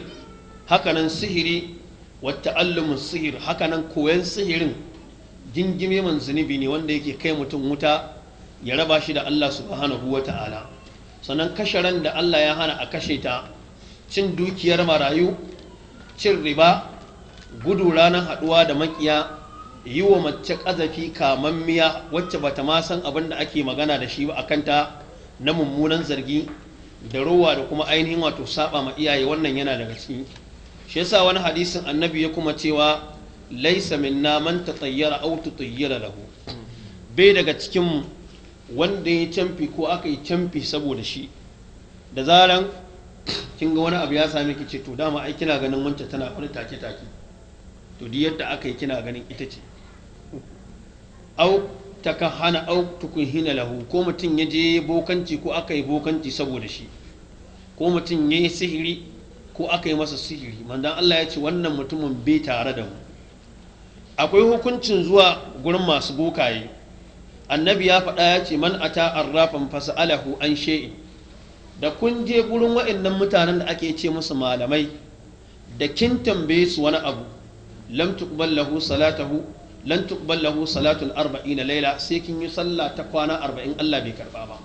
hakanan sihiri wata allumin sihir hakanan koyan sihirin jingime man zunubi ne wanda yake kai mutum wuta ya raba shi da Allah subhanahu wa ta'ala sannan kashe ran da Allah ya hana a kashe ta cin dukiyar marayu cin riba gudu ranar haɗuwa da makiya yi wa mace ƙazafi miya wacce bata ma san abin da ake magana da shi ba a kanta na mummunan zargi da rowa da kuma ainihin wato saba ma iyaye wannan yana daga ciki shi yasa wani hadisin annabi ya kuma cewa laisa minna man tatayyara aw tutayyara lahu bai daga cikin wanda ya camfi ko aka yi camfi saboda shi da zaran kin ga wani abu ya sami ki to dama ai kina ganin wancan tana wani take take to duk yadda aka yi kina ganin ita ce au taka hana au tukun hina lahu ko mutum ya je bokanci ko aka yi bokanci saboda shi ko mutum ya yi sihiri ko aka yi masa sihiri manzan Allah ya ce wannan mutumin bai tare da mu akwai hukuncin zuwa gurin masu bokaye annabi ya faɗa ya ce man ata arrafan fasa'alahu an shay'in da kun je gurin wa'annan mutanen da ake ce musu malamai da kin tambaye su wani abu lam tuqbal lahu salatahu lan tuqbal lahu salatul 40 laila sai kin yi sallah ta kwana 40 Allah bai karba ba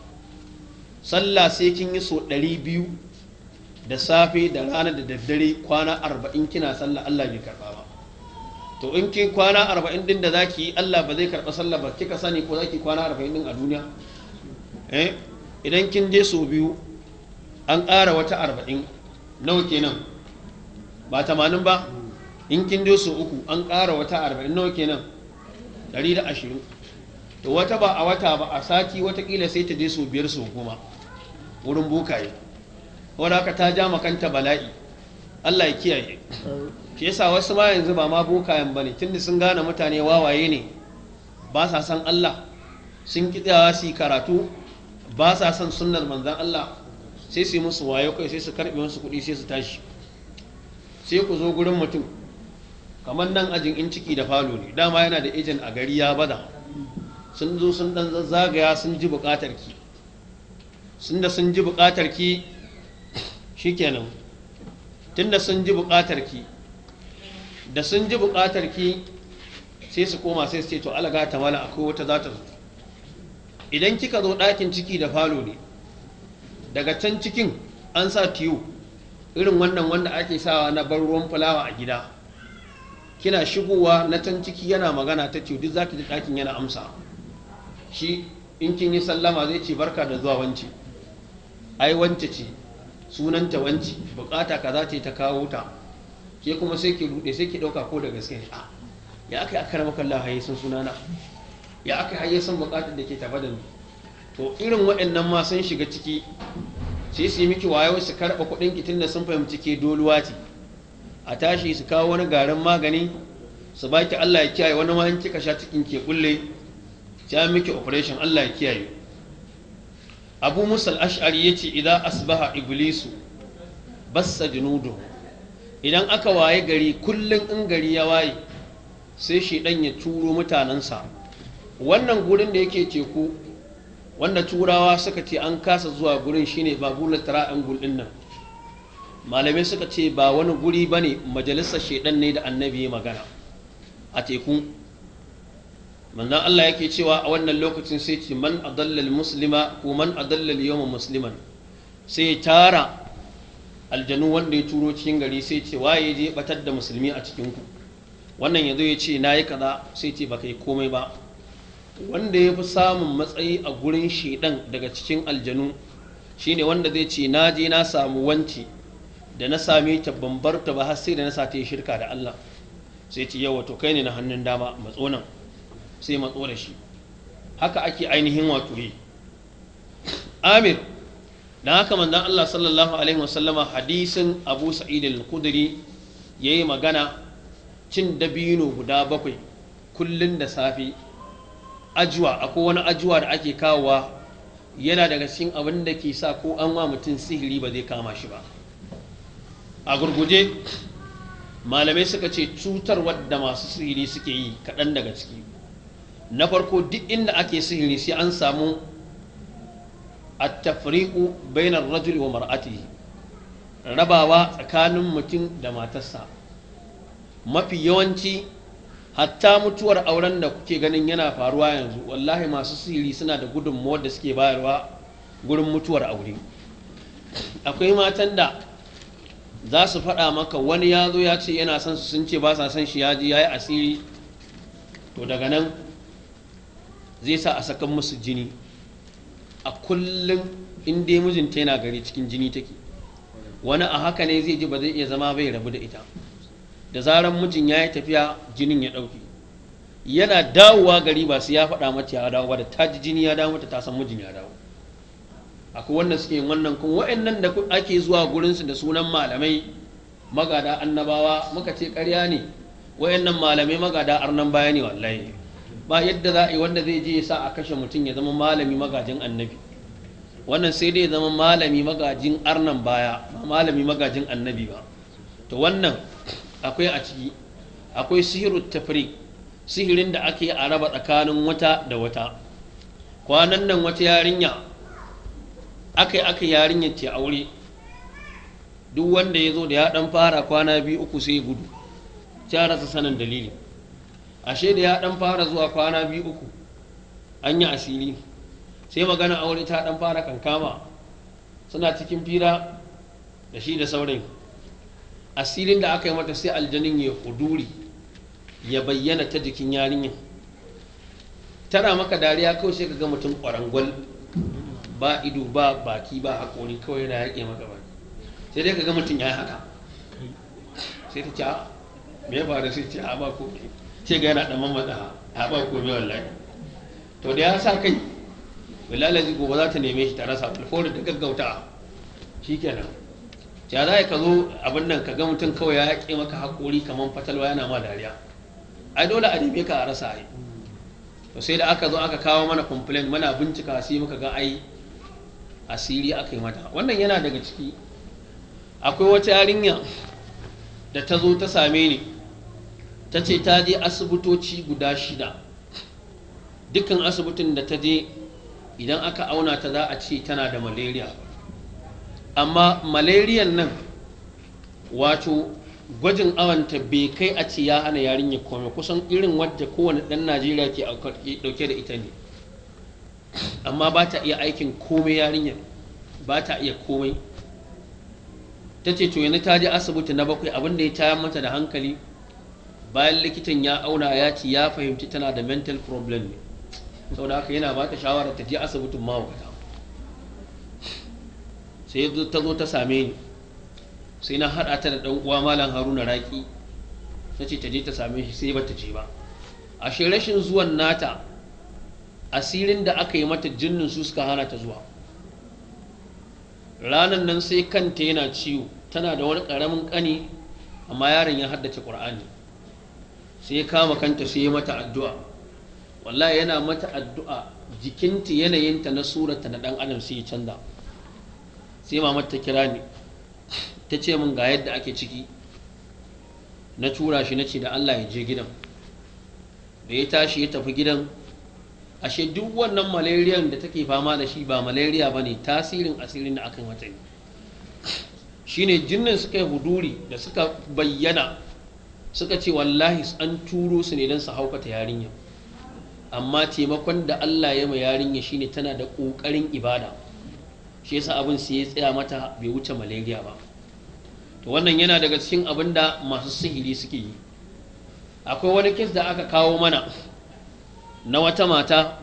sallah sai kin yi so 200 da safe da rana da daddare kwana 40 kina sallah Allah bai karba ba to in ke kwana arba'in din da zaki yi Allah ba zai karɓa sallah ba kika sani ko zaki kwana arba'in din a duniya eh idan kin je so biyu an ƙara wata arba'in nawa kenan ba tamanin ba in kin je so uku an ƙara wata arba'in nawa kenan ɗari da ashirin to wata ba a wata ba a sati watakila sai ta je so biyar so goma wurin bukaye wadda ka ta ja makanta bala'i Allah ya kiyaye shi yasa wasu ma yanzu ba ma bokayen bane tunda sun gane mutane wawaye ne ba sa san Allah sun kitsawa su karatu ba sa san sunnar manzan Allah sai su yi musu waye kai sai su karbe musu kuɗi sai su tashi sai ku zo gurin mutum kamar nan ajin in ciki da falo ne dama yana da ejen a gari ya bada sun zo sun dan zagaya sun ji buƙatar ki sun da sun ji buƙatar ki shikenan tunda sun ji buƙatar ki da sun ji buƙatar ki sai su koma sai su ce to alaga ta mala akwai wata za ta idan kika zo ɗakin ciki da falo ne daga can cikin an sa tiyo irin wannan wanda ake sawa na bar ruwan fulawa a gida kina shigowa na can ciki yana magana ta ce duk za ki ji ɗakin yana amsa shi in kin yi sallama zai ce barka da zuwa wance ai wance ce sunanta wance bukata kaza ce ta kawo ta ke kuma sai ke rude sai ke dauka ko da gaske ne a ya aka yi akara maka Allah haye sunana ya aka haye san bukatar da ke tafa da mu to irin waɗannan ma sun shiga ciki sai su yi miki wayo su karɓa kuɗin ki tunda sun fahimci ke doluwa ce a tashi su kawo wani garin magani su ba ki Allah ya kiyaye wani ma kika sha cikin ke kulle ya miki operation Allah ya kiyaye abu musal ash'ari ya ce idan asbaha iblisu bassa junudu idan aka waye gari kullum in gari ya waye sai dan ya turo mutanensa wannan gurin da yake teku wanda turawa suka ce an kasa zuwa gurin shine babula triangle din nan malamai suka ce ba wani guri bane majalisar shedan ne da annabi magana a teku manzon Allah yake cewa a wannan lokacin sai ce man adallal muslima ko man adallal yawma musliman sai tara aljanu wanda ya turo cikin gari sai ce waye je batar da musulmi a cikin ku wannan yazo ya ce na yi kaza sai ce baka yi komai ba wanda ya fi samun matsayi a gurin shedan daga cikin aljanu shine wanda zai ce na je na samu wanci da na same ta bambarta ba har sai da na sa ta yi shirka da Allah sai ce yau to kai ne na hannun dama matso nan sai matso da shi haka ake ainihin wato yi amir dan haka manzon Allah sallallahu alaihi wasallama hadisin Abu Sa'id al-Khudri yayi magana cin dabino guda bakwai kullun da safi ajwa akwai wani ajwa da ake kawowa yana daga cikin abin da ke sa ko an wa mutum sihiri ba zai kama shi ba a gurguje malamai suka ce cutar wadda masu sihiri suke yi kaɗan daga ciki na farko duk inda ake sihiri sai an samu at-tafriqu bainar rajuli wa rabawa tsakanin mutum da matarsa mafi yawanci hatta mutuwar auren da kuke ganin yana faruwa yanzu wallahi masu siri suna da gudunmuwar da suke bayarwa gurin mutuwar aure akwai matan da za su faɗa maka wani ya zo ya ce yana son su sun ce ba son shi ya ji ya yi asiri to daga nan zai sa a sakan musu jini a kullum in dai mijinta yana gari cikin jini take wani a haka ne zai ji ba zai iya zama bai rabu da ita da zarar mijin ya yi tafiya jinin ya ɗauki yana dawowa gari ba su ya faɗa mace ya dawo ba da ta ji jini ya dawo mata ta san mijin ya dawo akwai wannan suke wannan kuma wa'annan da ake zuwa gurinsu da sunan malamai magada annabawa muka ce ƙarya ne wa'annan malamai magada arnan baya ne wallahi ba yadda za a yi wanda zai je ya sa a kashe mutum ya zama malami magajin annabi wannan sai dai ya zama malami magajin arnan baya ba malami magajin annabi ba to wannan akwai a ciki akwai sihirin tafri sihirin da ake a raba tsakanin wata da wata kwanan nan wata yarinya aka yi aka yarinya ce aure duk wanda ya zo da ya dan fara kwana biyu uku sai gudu ta rasa sanin dalili ashe da ya dan fara zuwa kwana biyu uku an yi asiri sai magana aure ta dan fara kankama suna cikin fira da shi da saurin asirin da aka yi mata sai aljanin ya kuduri ya bayyana ta jikin yarinyar tara maka dariya kawai sai ka ga mutum kwarangwal ba ido ba baki ba haƙori kawai yana yaƙe maka ba sai dai ka ga mutum ya yi haka sai ta a me fara faru sai ce a ba ko ce ga yana ɗan mamata a ba komai wallahi to da ya sa kai wallahi gobe za ta neme shi ta rasa alforin ta gaggauta shi nan ya za ka zo abin nan ka ga mutum kawai ya yaƙi maka haƙori kamar fatalwa yana ma dariya ai dole a neme ka a rasa ai to sai da aka zo aka kawo mana complain mana bincika sai muka ga ai asiri aka yi mata wannan yana daga ciki akwai wata yarinya da ta zo ta same ni ta ce ta je asibitoci guda shida dukkan asibitin da ta je idan aka auna ta za a ce tana da malaria amma malariyan nan wato gwajin awanta bai kai a ce ya hana yarinya kome kusan irin wadda kowane dan najeriya ke dauke da ita ne amma ba ta iya aikin komai yarinya. ba ta iya komai ta ce to yanzu ta je asibiti na bakwai abin da ya tayar mata da hankali bayan likitan ya auna ya ci ya fahimci tana da mental problem ne Sau da haka yana ba ta shawarar ta je asibitin mawakata sai ta zo ta same ni sai na haɗa ta da ɗan'uwa malam haruna raƙi na ce ta je ta same shi sai bata je ba ashe rashin zuwan nata asirin da aka yi mata jinnin su suka hana ta zuwa ranar nan sai kanta yana ciwo tana da wani ƙaramin ƙani amma yaron ya haddace ƙur'ani sai kama kanta sai ya mata addu'a wallahi yana mata addu'a jikinta yanayinta na surata na ɗan adam sai canza sai mamar ta kira ni ta ce min ga yadda ake ciki na tura shi na ce da Allah ya je gidan da ya tashi ya tafi gidan ashe duk wannan malariyan da take fama da shi ba malaria ba ne tasirin asirin da akan wata ne shine jinnin suka yi huduri da suka bayyana suka ce wallahi an turo su ne don su haukata yarinya amma taimakon da Allah ya ma yarinya shine tana da ƙoƙarin ibada shi yasa abin su ya tsaya mata bai wuce malaria ba to wannan yana daga cikin abin da masu sihiri suke yi akwai wani kes da aka kawo mana na wata mata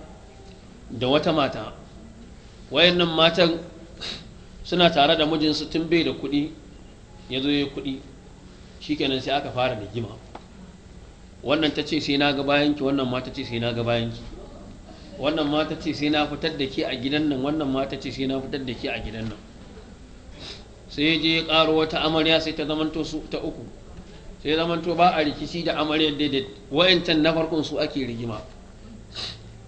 da wata mata wayannan matan suna tare da mijinsu tun bai da kuɗi ya zo ya kuɗi shikenan sai aka fara rigima wannan ta ce sai na ga bayanki wannan ma ta ce sai na ga bayanki wannan ma ta ce sai na fitar da ke a gidan nan wannan ma ta ce sai na fitar da ke a gidan nan sai je ya karo wata amarya sai ta zamanto su ta uku sai zamanto ba a rikici da amaryar daidai wa'intan na farkon su ake rigima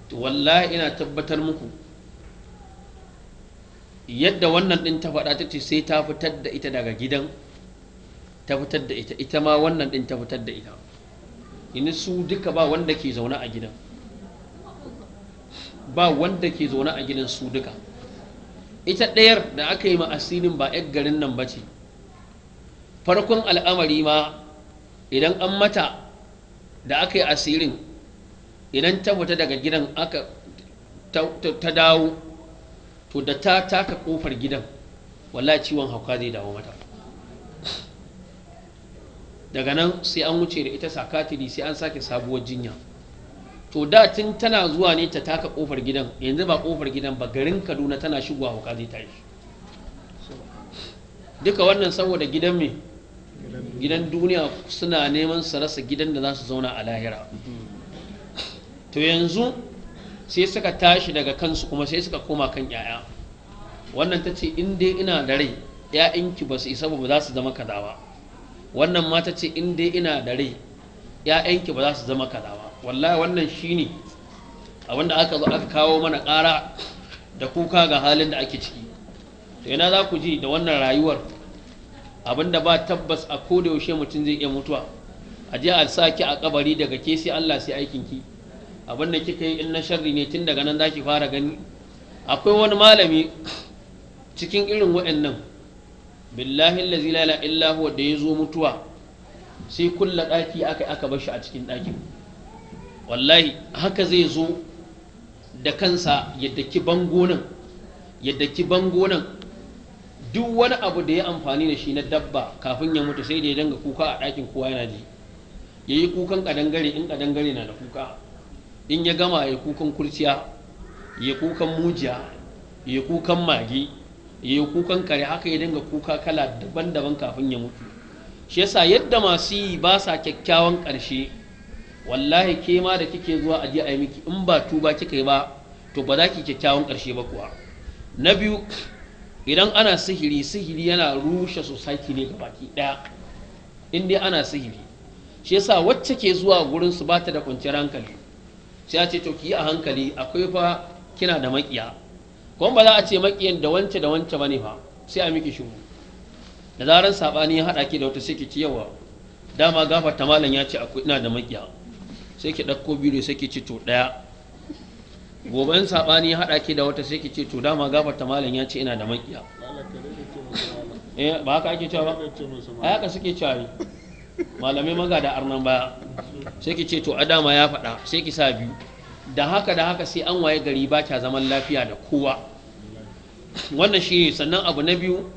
to wallahi ina tabbatar muku yadda wannan din ta faɗa ta ce sai ta fitar da ita daga gidan ta fitar da ita ita ma wannan din ta fitar da ita in su duka ba wanda ke zaune a gidan ba wanda ke zaune a gidan su duka ita ɗayar da aka yi ma asirin ba 'yar garin nan ba ce farkon al'amari ma idan an mata da aka yi asirin idan ta fita daga gidan aka ta dawo to da ta taka kofar gidan wallahi ciwon hauka zai dawo mata daga nan sai an wuce da ita sakatiri sai an sake sabuwar jinya to da tun tana zuwa ne ta taka kofar gidan yanzu ba kofar gidan ba garin kaduna tana shigowa hauka zai tashi duka wannan saboda gidan me gidan duniya suna neman sarasa gidan da za su zauna a lahira to yanzu sai suka tashi daga kansu kuma sai suka koma kan 'ya'ya wannan ta ce in dai ina da rai 'ya'yanki ba su isa ba za su zama kaza ba wannan mata ce in dai ina da rai ‘ya'yanki ba za su zama kaza ba wallahi wannan shine abinda aka zo aka kawo mana ƙara da kuka ga halin da ake ciki to yana za ku ji da wannan rayuwar abinda ba tabbas a koda yaushe mutum zai iya mutuwa a je a sa ki a kabari daga ke sai Allah sai aikin ki abin da kika yi in na sharri ne tun daga nan zaki fara gani akwai wani malami cikin irin waɗannan billahi allazi la ilaha illa huwa da yazo mutuwa sai kulla daki aka aka bar shi a cikin daki wallahi haka zai zo da kansa yadda ki bango nan yadda ki duk wani abu da ya amfani da shi na dabba kafin ya mutu sai da ya danga kuka a dakin kowa yana ji ya yi kukan kadangare in kadangare na da kuka in ya gama ya kukan kurciya ya kukan mujiya ya kukan mage yi kukan kare haka ya dinga kuka kala daban-daban kafin ya mutu shi yasa yadda masu yi ba sa kyakkyawan ƙarshe wallahi ke ma da kike zuwa a ji a yi miki in ba tuba kika yi ba to ba za ki kyakkyawan ƙarshe ba kuwa na biyu idan ana sihiri sihiri yana rushe society ne baki ɗaya in dai ana sihiri shi yasa wacce ke zuwa gurin su ba ta da kwanciyar hankali sai a ce to ki yi a hankali akwai fa kina da maƙiya kuma ba za a ce makiyin da wance da wance bane fa sai a miki shugu da zaran sabani ya hada ki da wata sai ki ci yawa dama ta malam ya ce akwai ina da makiya sai ki dakko biyu sai ki ci to daya goben sabani ya hada ki da wata sai ki ce to dama ta malam ya ce ina da makiya eh ba haka ake cewa ba haka suke cewa malamai maga da arnan baya sai ki ce to adama ya faɗa sai ki sa biyu da haka da haka sai an waye gari ba kya zaman lafiya da kowa wannan shi ne sannan abu na biyu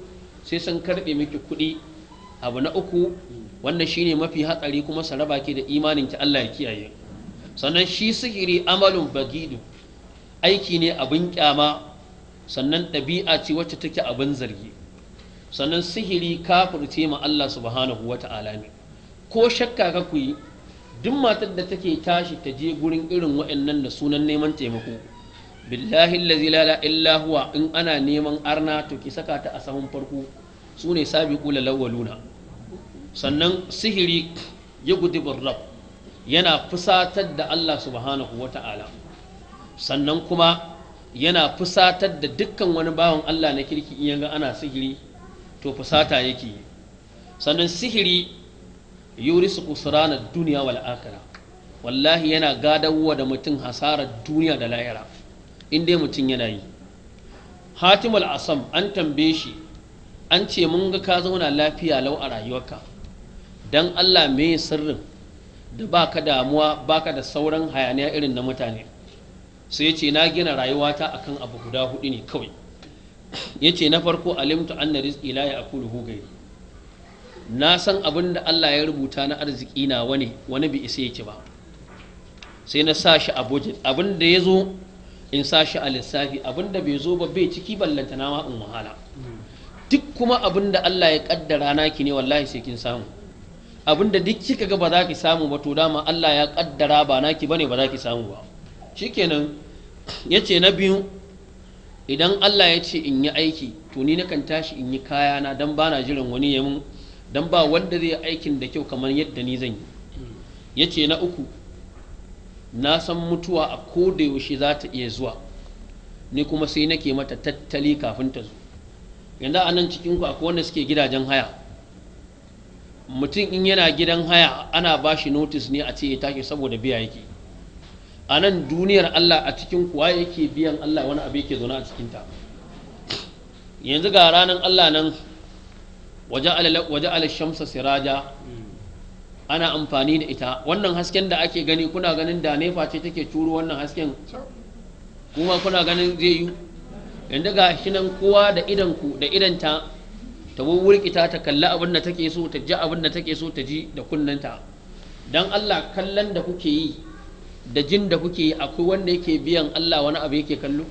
sai sun karɓe miki kuɗi abu na uku wannan shi ne mafi hatsari kuma su raba ki da imanin ki Allah ya kiyaye sannan shi sihiri amalun bagidu aiki ne abin kyama sannan ɗabi'a ce wacce take abin zargi sannan sihiri kafirce ma Allah subhanahu wata'ala ne ko shakka ka ku yi duk matar da take tashi ta je gurin irin waɗannan da sunan neman taimako billahi allazi la illa huwa in ana neman arna to ki saka ta a sahun farko sune sabiqul lawaluna sannan sihiri ya gudi burrab yana fusatar da Allah subhanahu wata'ala sannan kuma yana fusatar da dukkan wani bawan Allah na kirki in ga ana sihiri to fusata yake sannan sihiri yurisu usrana duniya wal la'akara wallahi yana gadawa da mutum hasarar duniya da lahira in dai mutum yana yi hatim al-asam an tambaye shi an ce mun ga ka zauna lafiya lau a rayuwarka dan Allah me sirrin da baka damuwa baka da sauran hayaniya irin na mutane sai ya ce na gina rayuwata akan abu guda hudu ne kawai ya ce na farko alimtu anna rizqi la ya'kuluhu ghayru na san abin da Allah ya rubuta na arziki na wani wani bi isa yake ba sai na sa a budget abin da ya zo in sa a lissafi abin da bai zo ba bai ciki ballanta na ma'un in wahala duk kuma abin da Allah ya kaddara naki ne wallahi sai kin samu abin da duk kika ga ba za ki samu ba to dama Allah ya kaddara ba naki bane ba za ki samu ba shikenan yace na biyu idan Allah ya ce in yi aiki to ni nakan tashi in yi kayana dan bana jiran wani ya mun Don ba wanda zai aikin da kyau kamar yadda ni zan yi Ya ce na uku na san mutuwa a kodayaushe yaushe za ta iya zuwa ni kuma sai nake mata tattali kafin ta zo yanzu a nan cikin ku akwai wanda suke gidajen haya mutum in yana gidan haya ana ba shi notis ne a ce ya tashi saboda biya yake a nan duniyar Allah a cikin kuwa yake biyan Allah wani abu yake zaune a cikinta yanzu ga ranar Allah nan waje shamsa siraja ana amfani da ita wannan hasken da ake gani kuna ganin da nefa ce take turo wannan hasken kuma kuna ganin zai yi yadda ga shi nan kowa da idanku da idanta ta wurkita ta kalli abin da take so ta ji abin da take so ta ji da kunnanta don allah kallon da kuke yi da jin da kuke yi akwai wanda yake biyan allah wani abu yake kallo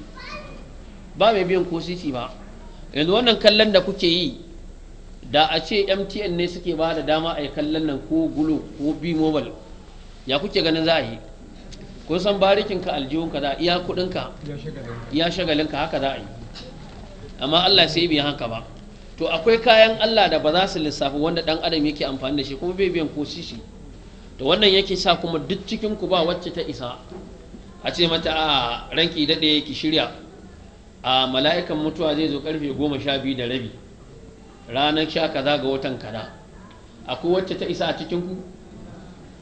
ba mai biyan ko sisi ba yanzu wannan kallon da kuke yi da a ce mtn ne suke ba da dama a yi kallon nan ko gulo ko bi mobile ya kuke ganin za a yi kun san barikinka aljihunka da iya kudinka iya shagalinka haka za a yi amma allah sai bai haka ba to akwai kayan allah da ba za su lissafi wanda dan adam yake amfani da shi kuma bai biyan ko shi to wannan yake sa kuma duk cikin ku ba wacce ta isa a ce mata a ranki daɗe ki shirya a mala'ikan mutuwa zai zo karfe goma sha biyu da rabi ranar sha kaza ga watan kada. akwai wacce ta isa a cikin ku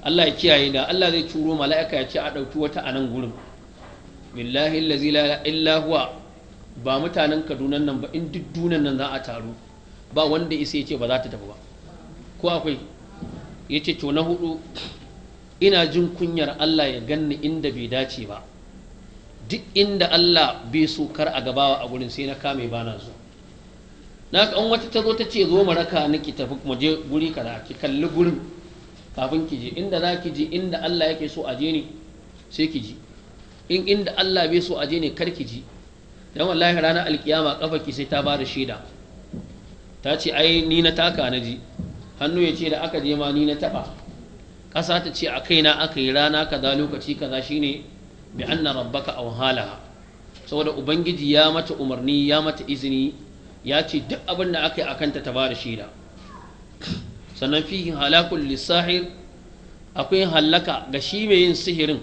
Allah ya kiyaye da Allah zai curo mala'ika ya ce a ɗauki wata a nan gurin billahi allazi la illa huwa ba mutanen Kaduna nan ba in duk dunan nan za a taru. ba wanda isa ya ce ba za ta tafi ba ko akwai yace to na hudu ina jin kunyar Allah ya ganni inda bai dace ba duk inda Allah bai so kar a gabawa a gurin sai na kame bana zuwa na kan wata ta zo ta ce zo maraka raka niki tafi mu je guri kaza ki kalli gurin kafin ki je inda za ki je inda Allah yake so a je ne sai ki ji in inda Allah bai so a je ne kar ki ji dan wallahi ranar alkiyama kafa ki sai ta bada shaida ta ce ai ni na taka na ji hannu ya ce da aka je ma ni na taba ƙasa ta ce a kaina aka yi rana kaza lokaci kaza shine bi anna rabbaka awhalaha halaha saboda ubangiji ya mata umarni ya mata izini ya ce duk abin da aka yi a kanta ta ba da shaida sannan fihin halakun lissahir akwai hallaka ga shi mai yin sihirin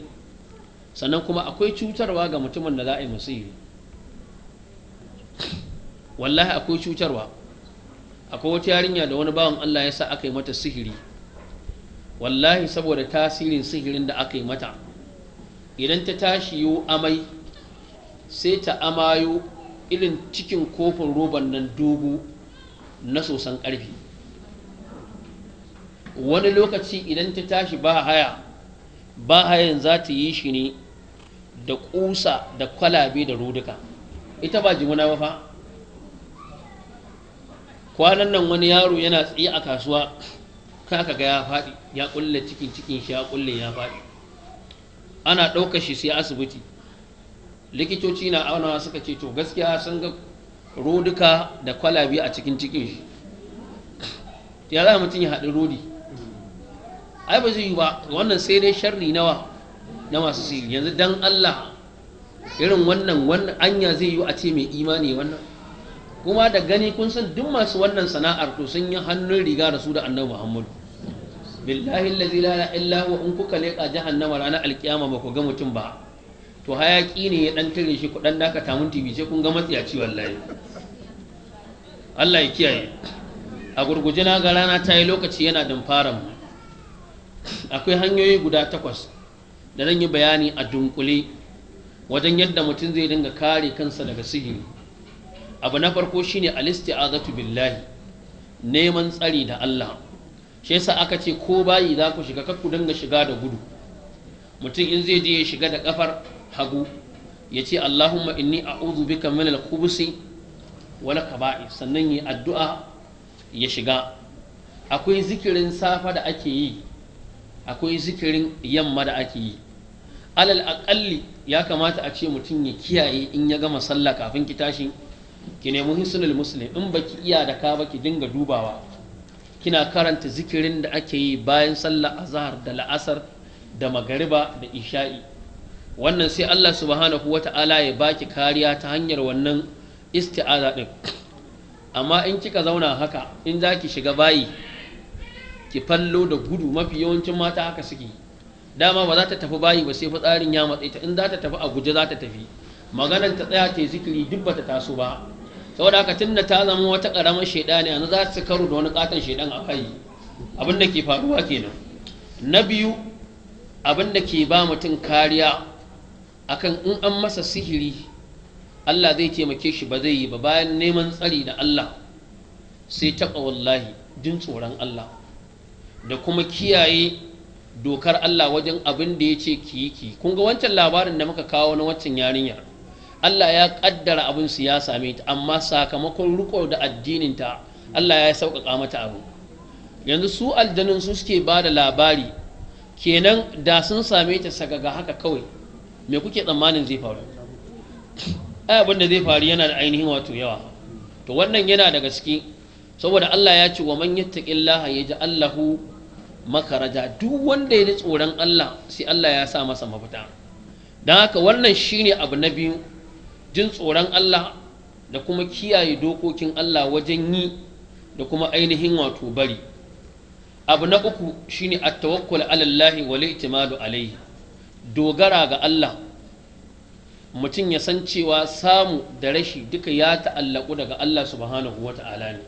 sannan kuma akwai cutarwa ga mutumin da za a yi musiri wallahi akwai cutarwa akwai wata yarinya da wani bawan Allah ya sa aka yi mata sihiri wallahi saboda tasirin sihirin da aka yi mata idan ta tashi yo amai sai ta amayo irin cikin kofin roban nan dogo na sosan ƙarfi wani lokaci idan ta tashi ba haya ba hayan za ta yi shi ne da ƙusa da kwalabe da roduka ita ba jimuna ba fa kwanan nan wani yaro yana tsaye a kasuwa kaka ga ya faɗi ya ƙulla cikin cikin shi ya ƙulle ya faɗi ana ɗaukar shi sai asibiti likitoci na aunawa suka ce to gaskiya sun ga roduka da kwalabi a cikin cikin shi ya za mutum ya haɗin rodi ai ba zai yi ba wannan sai dai sharri nawa na masu sihiri yanzu dan Allah irin wannan wannan anya zai yi a ce mai imani wannan kuma da gani kun san duk masu wannan sana'ar to sun yi hannun riga da su da annabi Muhammadu billahi allazi la ilaha illa huwa in kuka leƙa jahannama ranar alƙiyama ba ku ga mutum ba to hayaƙi ne ya ɗan tare shi kudan ta tamun tibi sai kun ga ciwon wallahi Allah ya kiyaye a gurguje na ga rana ta yi lokaci yana dan fara mu akwai hanyoyi guda takwas da zan yi bayani a dunkule wajen yadda mutum zai dinga kare kansa daga sihiri abu na farko shine alisti'azatu billahi neman tsari da Allah shi yasa aka ce ko bayi za ku shiga kakku dinga shiga da gudu mutum in zai je ya shiga da kafar hagu ya ce Allahumma inni a'udhu bika min al-khubusi wani kaba'i sannan yi addu'a ya shiga akwai zikirin safa da ake yi akwai zikirin yamma da ake yi alal aƙalli ya kamata a ce mutum ya kiyaye in ya gama sallah kafin ki tashi ki nemi hisnul muslim in baki iya da ka ba ki dinga dubawa kina karanta zikirin da ake yi bayan sallah zahar da la'asar da magariba da isha'i wannan sai Allah subhanahu wata'ala ya baki kariya ta hanyar wannan isti'aza din amma in kika zauna haka in zaki shiga bayi ki fallo da gudu mafi yawancin mata haka suke dama ba za ta tafi bayi ba sai fitsarin ya matsayi ta in za ta tafi a guje za ta tafi maganar ta tsaya ta yi zikiri duk ba ta taso ba saboda haka tunda ta zama wata karamar shaida ne yanzu za su karo da wani katon shaidan a kai abin da ke faruwa kenan na biyu abin da ke ba mutum kariya akan in an masa sihiri Allah zai taimake shi ba zai yi ba bayan neman tsari da Allah sai taɓa wallahi jin tsoron Allah da kuma kiyaye dokar Allah wajen abin da ya ce ki yi ki kun ga wancan labarin da muka kawo na wancan yarinyar Allah ya ƙaddara abin su ya same ta amma sakamakon riko da addininta Allah ya sauƙaƙa mata abu yanzu su aljanun su suke ba da labari kenan da sun same ta sagaga haka kawai me kuke tsammanin zai faru ai abin da zai faru yana da ainihin wato yawa to wannan yana daga ciki saboda Allah ya ce wa man yattaqillaha yaj'al lahu makaraja duk wanda ya ji tsoron Allah sai Allah ya sa masa mafita don haka wannan shine abu na biyu jin tsoron Allah da kuma kiyaye dokokin Allah wajen yi da kuma ainihin wato bari abu na uku shine at-tawakkul ala Allah wal i'timadu alayhi dogara ga Allah mutum ya san cewa samu da rashi duka ya ta'allaku daga Allah subhanahu wa ta'ala ne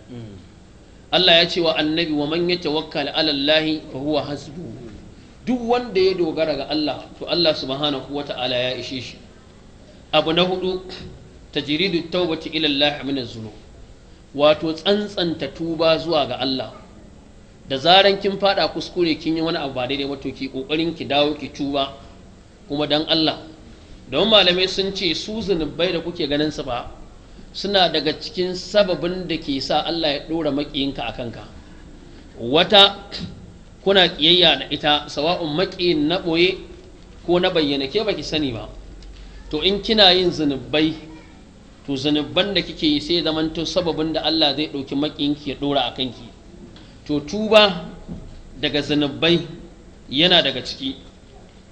Allah ya ce wa annabi wa man yatawakkal ala Allah fa huwa hasbu duk wanda ya dogara ga Allah to Allah subhanahu wa ta'ala ya ishe shi abu na hudu tajridu tawbati ila Allah min az-zunub wato tsantsanta tuba zuwa ga Allah da zaran kin fada kuskure kin yi wani abu ba daidai ba to ki kokarin ki dawo ki tuba kuma dan Allah don malamai sun ce su zunubai da kuke ganin su ba suna daga cikin sababin da ke sa Allah ya ɗora maƙiyinka a kanka wata kuna ƙiyayya da ita sawa'un maƙiyin na ɓoye ko na bayyana ke baki sani ba to in kina yin zunubai to zunubban da kike yi sai to sababin da Allah zai ɗauki maƙiyinki ya ɗora a kanki to tuba daga zunubai yana daga ciki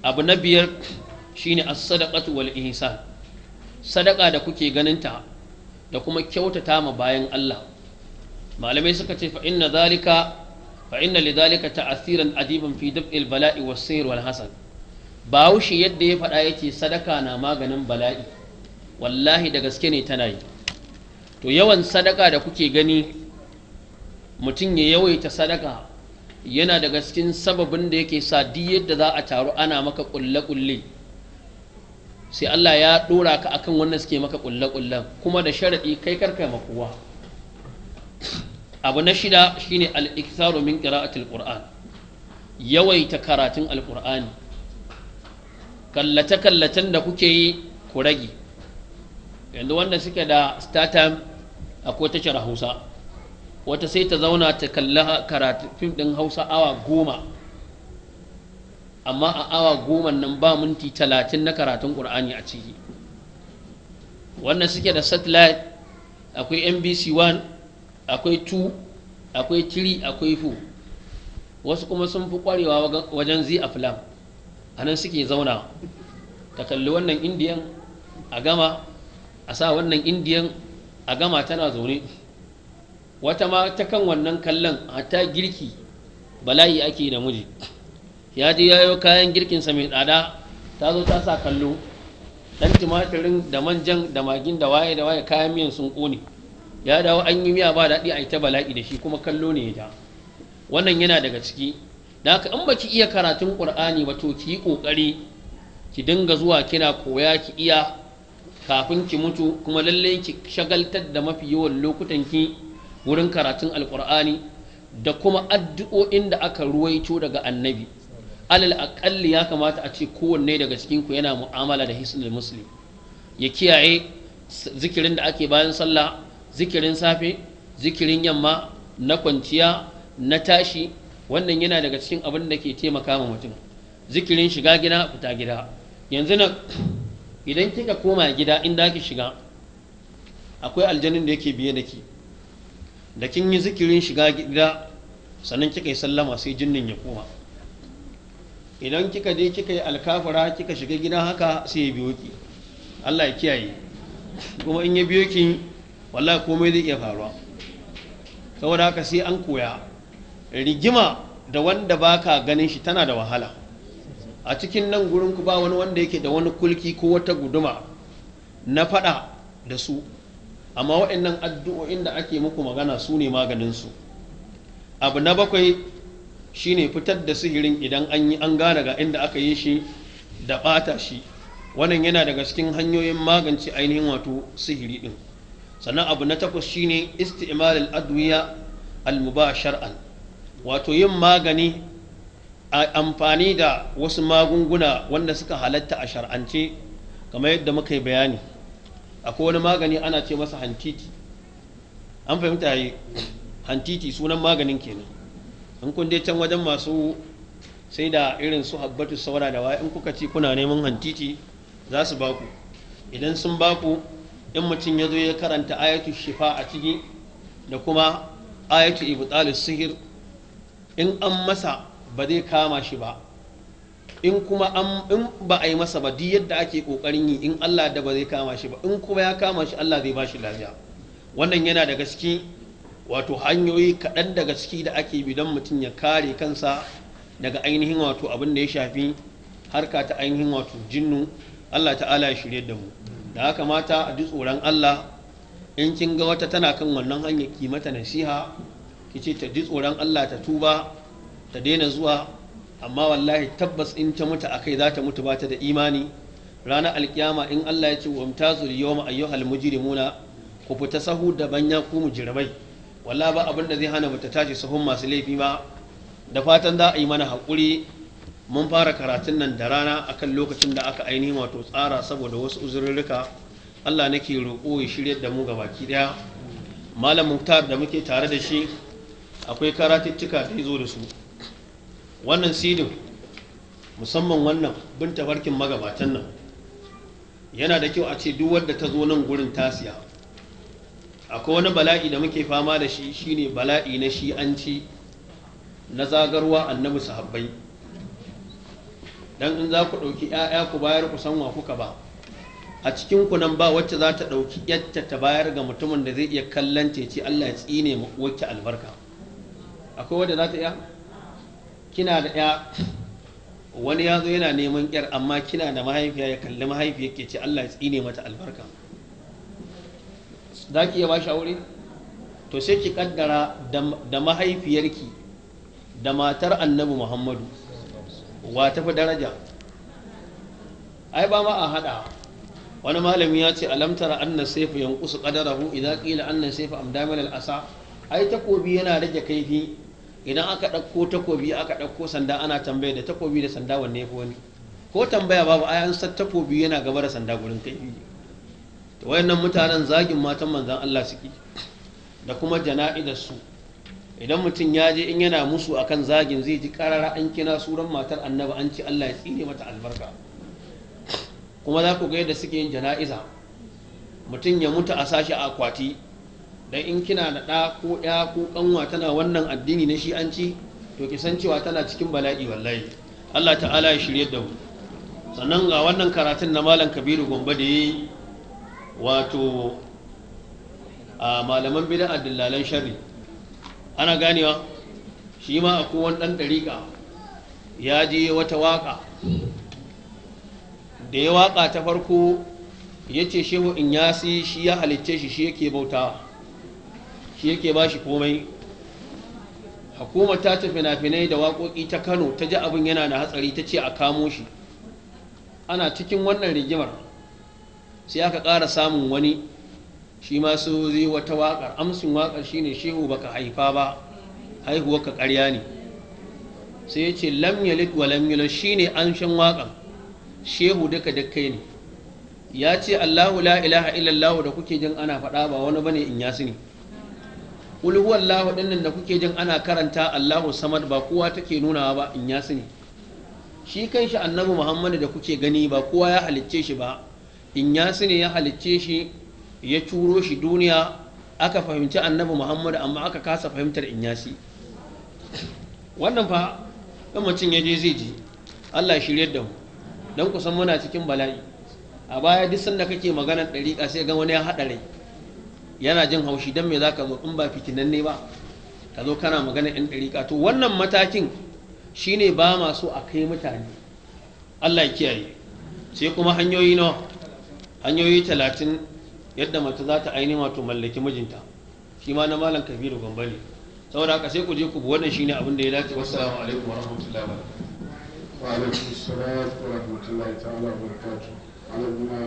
abu na biyar shine as-sadaqatu wal ihsan sadaka da kuke ganinta da kuma kyautata ma bayan Allah malamai suka ce fa inna zalika fa inna lidhalika ta'athiran adiban fi dab'il bala'i was sayr wal hasan yadda ya faɗa yace sadaka na maganin bala'i wallahi da gaske ne tana yi to yawan sadaka da kuke gani mutum ya yawaita sadaka yana daga cikin sababin da yake sa duk yadda za a taru ana maka kulle-kulle sai Allah ya dora ka akan wannan suke maka kulle-kullen kuma da sharadi kai karka makuwa abu na shida shine al-iktharu min qira'atil qur'an yawaita karatun alqur'ani kallace kallacen da kuke yi ku rage yanzu wanda suke da startime akwai tashar Hausa wata sai ta zauna ta kalla karatu fim ɗin hausa awa goma amma a awa goma nan ba minti talatin na karatun ƙur'ani a ciki wannan suke da satellite akwai nbc 1 akwai 2 akwai 3 akwai 4 wasu kuma sun fi kwarewa wajen zi a filam a nan suke zauna ta kalli wannan indiyan a gama a sa wannan indiyan a gama tana zaune wata ma ta kan wannan kallon hatta girki bala'i ake da miji ya je yayo kayan girkin sa mai tsada ta zo ta sa kallo dan tumatirin da manjan da magin da waye da waye kayan miyan sun kone ya dawo an yi miya ba daɗi a ita bala'i da shi kuma kallo ne ya ja wannan yana daga ciki da haka in baki iya karatun qur'ani ba to ki yi kokari ki dinga zuwa kina koya ki iya kafin ki mutu kuma lallai ki shagaltar da mafi yawan lokutan ki wurin karatun alkur'ani da kuma addu'o'in da aka ruwaito daga annabi alal akalli ya kamata a ce kowanne daga cikinku yana mu'amala da hisnul muslim ya kiyaye zikirin da ake bayan sallah zikirin safe zikirin yamma na kwanciya na tashi wannan yana daga cikin abin da ke taimaka ma mutum zikirin shiga gida fita gida yanzu nan idan kika koma gida inda ake shiga akwai aljanin da yake biye da ki da kin yi zikirin shiga gida sannan kika yi sallama sai jinnin ya koma idan kika je kika yi alkafara kika shiga gida haka sai ya biyo ki Allah ya kiyaye kuma in ya biyo ki wallahi komai zai iya faruwa saboda haka sai an koya rigima da wanda baka ganin shi tana da wahala a cikin nan gurin ku ba wani wanda yake da wani kulki ko wata guduma na fada da su amma waɗannan addu'o'in da ake muku magana su ne maganinsu abu na bakwai shine fitar da sihirin idan an yi an gane ga inda aka yi shi da bata shi wannan yana daga cikin hanyoyin magance ainihin wato sihiri ɗin sannan abu na takwas shine isti'mal adwiya al wato yin magani a amfani da wasu magunguna wanda suka halatta a shar'ance kamar yadda muka yi bayani akwai wani magani ana ce masa hantiti an fahimta yi hantiti sunan maganin kenan an kun dai can wajen masu sai da irin su habbatu saura da waya in kuka ci kuna neman hantiti za su baku idan sun baku in mutum ya zo ya karanta ayatu shifa a ciki da kuma ayatu ibtalus sihir in an masa ba zai kama shi ba in kuma in ba a yi masa ba duk yadda ake kokarin yi in Allah da ba zai kama shi ba in kuma ya kama shi Allah zai ba shi lafiya wannan yana da gaske wato hanyoyi kaɗan daga ciki da ake bi don mutum ya kare kansa daga ainihin wato abin da ya shafi harka ta ainihin wato jinnu Allah ta'ala ya shirye da mu da haka mata a ji tsoron Allah in kin ga wata tana kan wannan hanyar ki mata nasiha ki ce ta ji tsoron Allah ta tuba ta daina zuwa amma wallahi tabbas in ta mutu akai za ta mutu ba ta da imani ranar alkiyama in Allah ya ce wa mutazul yawma ayyuhal muna ku fita sahu da banya ku mujrimai wallah ba abin da zai hana mutu tashi sahun masu laifi ba da fatan za a yi mana hakuri mun fara karatun nan da rana akan lokacin da aka ainihi wato tsara saboda wasu uzurrurruka Allah nake roƙo ya shirya da mu ga baki ɗaya malam muktar da muke tare da shi akwai karatuttuka da ya zo da su wannan sidin musamman wannan bin tabarkin magabatan nan yana da kyau a ce duk wadda ta zo nan gurin tasiya akwai wani bala'i da muke fama da shi shine bala'i na shi'anci na zagarwa annabi sahabbai dan in za ku ɗauki 'ya'ya ku bayar ku sanwa kuka ba a cikin ku nan ba wacce za ta ɗauki yadda ta bayar ga mutumin da zai iya kallon ce Allah ya tsine wacce albarka akwai wadda za ta iya kina da ya wani ya zo yana neman yar amma kina da mahaifiya ya kalli mahaifiya ke ce Allah ya tsine mata albarka za ki iya ba shi aure to sai ki kaddara da mahaifiyarki da matar annabi muhammadu wa tafi daraja ai ba ma a hada wani malami ya ce alamtara anna saifa yanqusu qadarahu idan qila anna saifa amdamal al ai takobi yana rage kaifi idan aka ɗauko takobi aka ɗauko sanda ana tambaya da takobi da sanda wanne ya fi wani ko tambaya babu ayan sa takobi yana gaba da sanda gurin kai to wayannan mutanen zagin matan manzan Allah suke da kuma jana'idar su idan mutum ya je in yana musu akan zagin zai ji karara an kina suran matar annabi an ci Allah ya tsine mata albarka kuma za ku ga yadda suke yin jana'iza mutum ya mutu a sashi a akwati dan in kina da ɗa ko ya ko ƙanwa tana wannan addini na shi'anci to ki san cewa tana cikin bala'i wallahi Allah ta'ala ya shirye da mu sannan ga wannan karatun na malam kabiru gombe da yi wato a malaman bidan dillalan sharri ana ganewa shi ma a kowane ɗan ɗariƙa ya je wata waƙa da ya waƙa ta farko ya ce shehu in yasi shi ya halicce shi shi yake bautawa shi yake ba shi komai hukumar ta tafi fina-finai da waƙoƙi ta kano ta ji abin yana da hatsari ta ce a kamo shi ana cikin wannan rigimar sai aka ƙara samun wani shi ma so zai wata waƙar amsin waƙar shine shehu baka haifa ba haihuwar ka ƙarya ne sai ya ce lamyalit wa wa shi ne shine shan waƙar shehu duka dakkai ne ya ce allahu la ilaha illallahu da kuke jin ana faɗa ba wani bane in yasini ne kul huwallahu nan da kuke jin ana karanta Allahu samad ba kowa take nunawa ba in ya sani shi kanshi annabi Muhammadu da kuke gani ba kowa ya halicce shi ba in ya sani ya halicce shi ya curo shi duniya aka fahimci annabi Muhammadu amma aka kasa fahimtar in ya si. wannan fa in mutum ya je zai ji Allah shiryar da mu don kusan muna cikin bala'i a baya duk sanda kake maganar ɗariƙa sai ga wani ya haɗa rai yana jin haushi don me za ka zo in ba fitinan ne ba ka zo kana magana yan ɗariƙa to wannan matakin shine ba ma so a kai mutane allah kiyaye sai kuma hanyoyi nawa hanyoyi talatin yadda mace za ta aini wato mallaki mijinta shi ma na malam kabiru gambali saboda haka sai ku je ku bi wannan shine abin da ya dace wassalamu alaikum warahmatullahi wabarakatuh وعليكم wa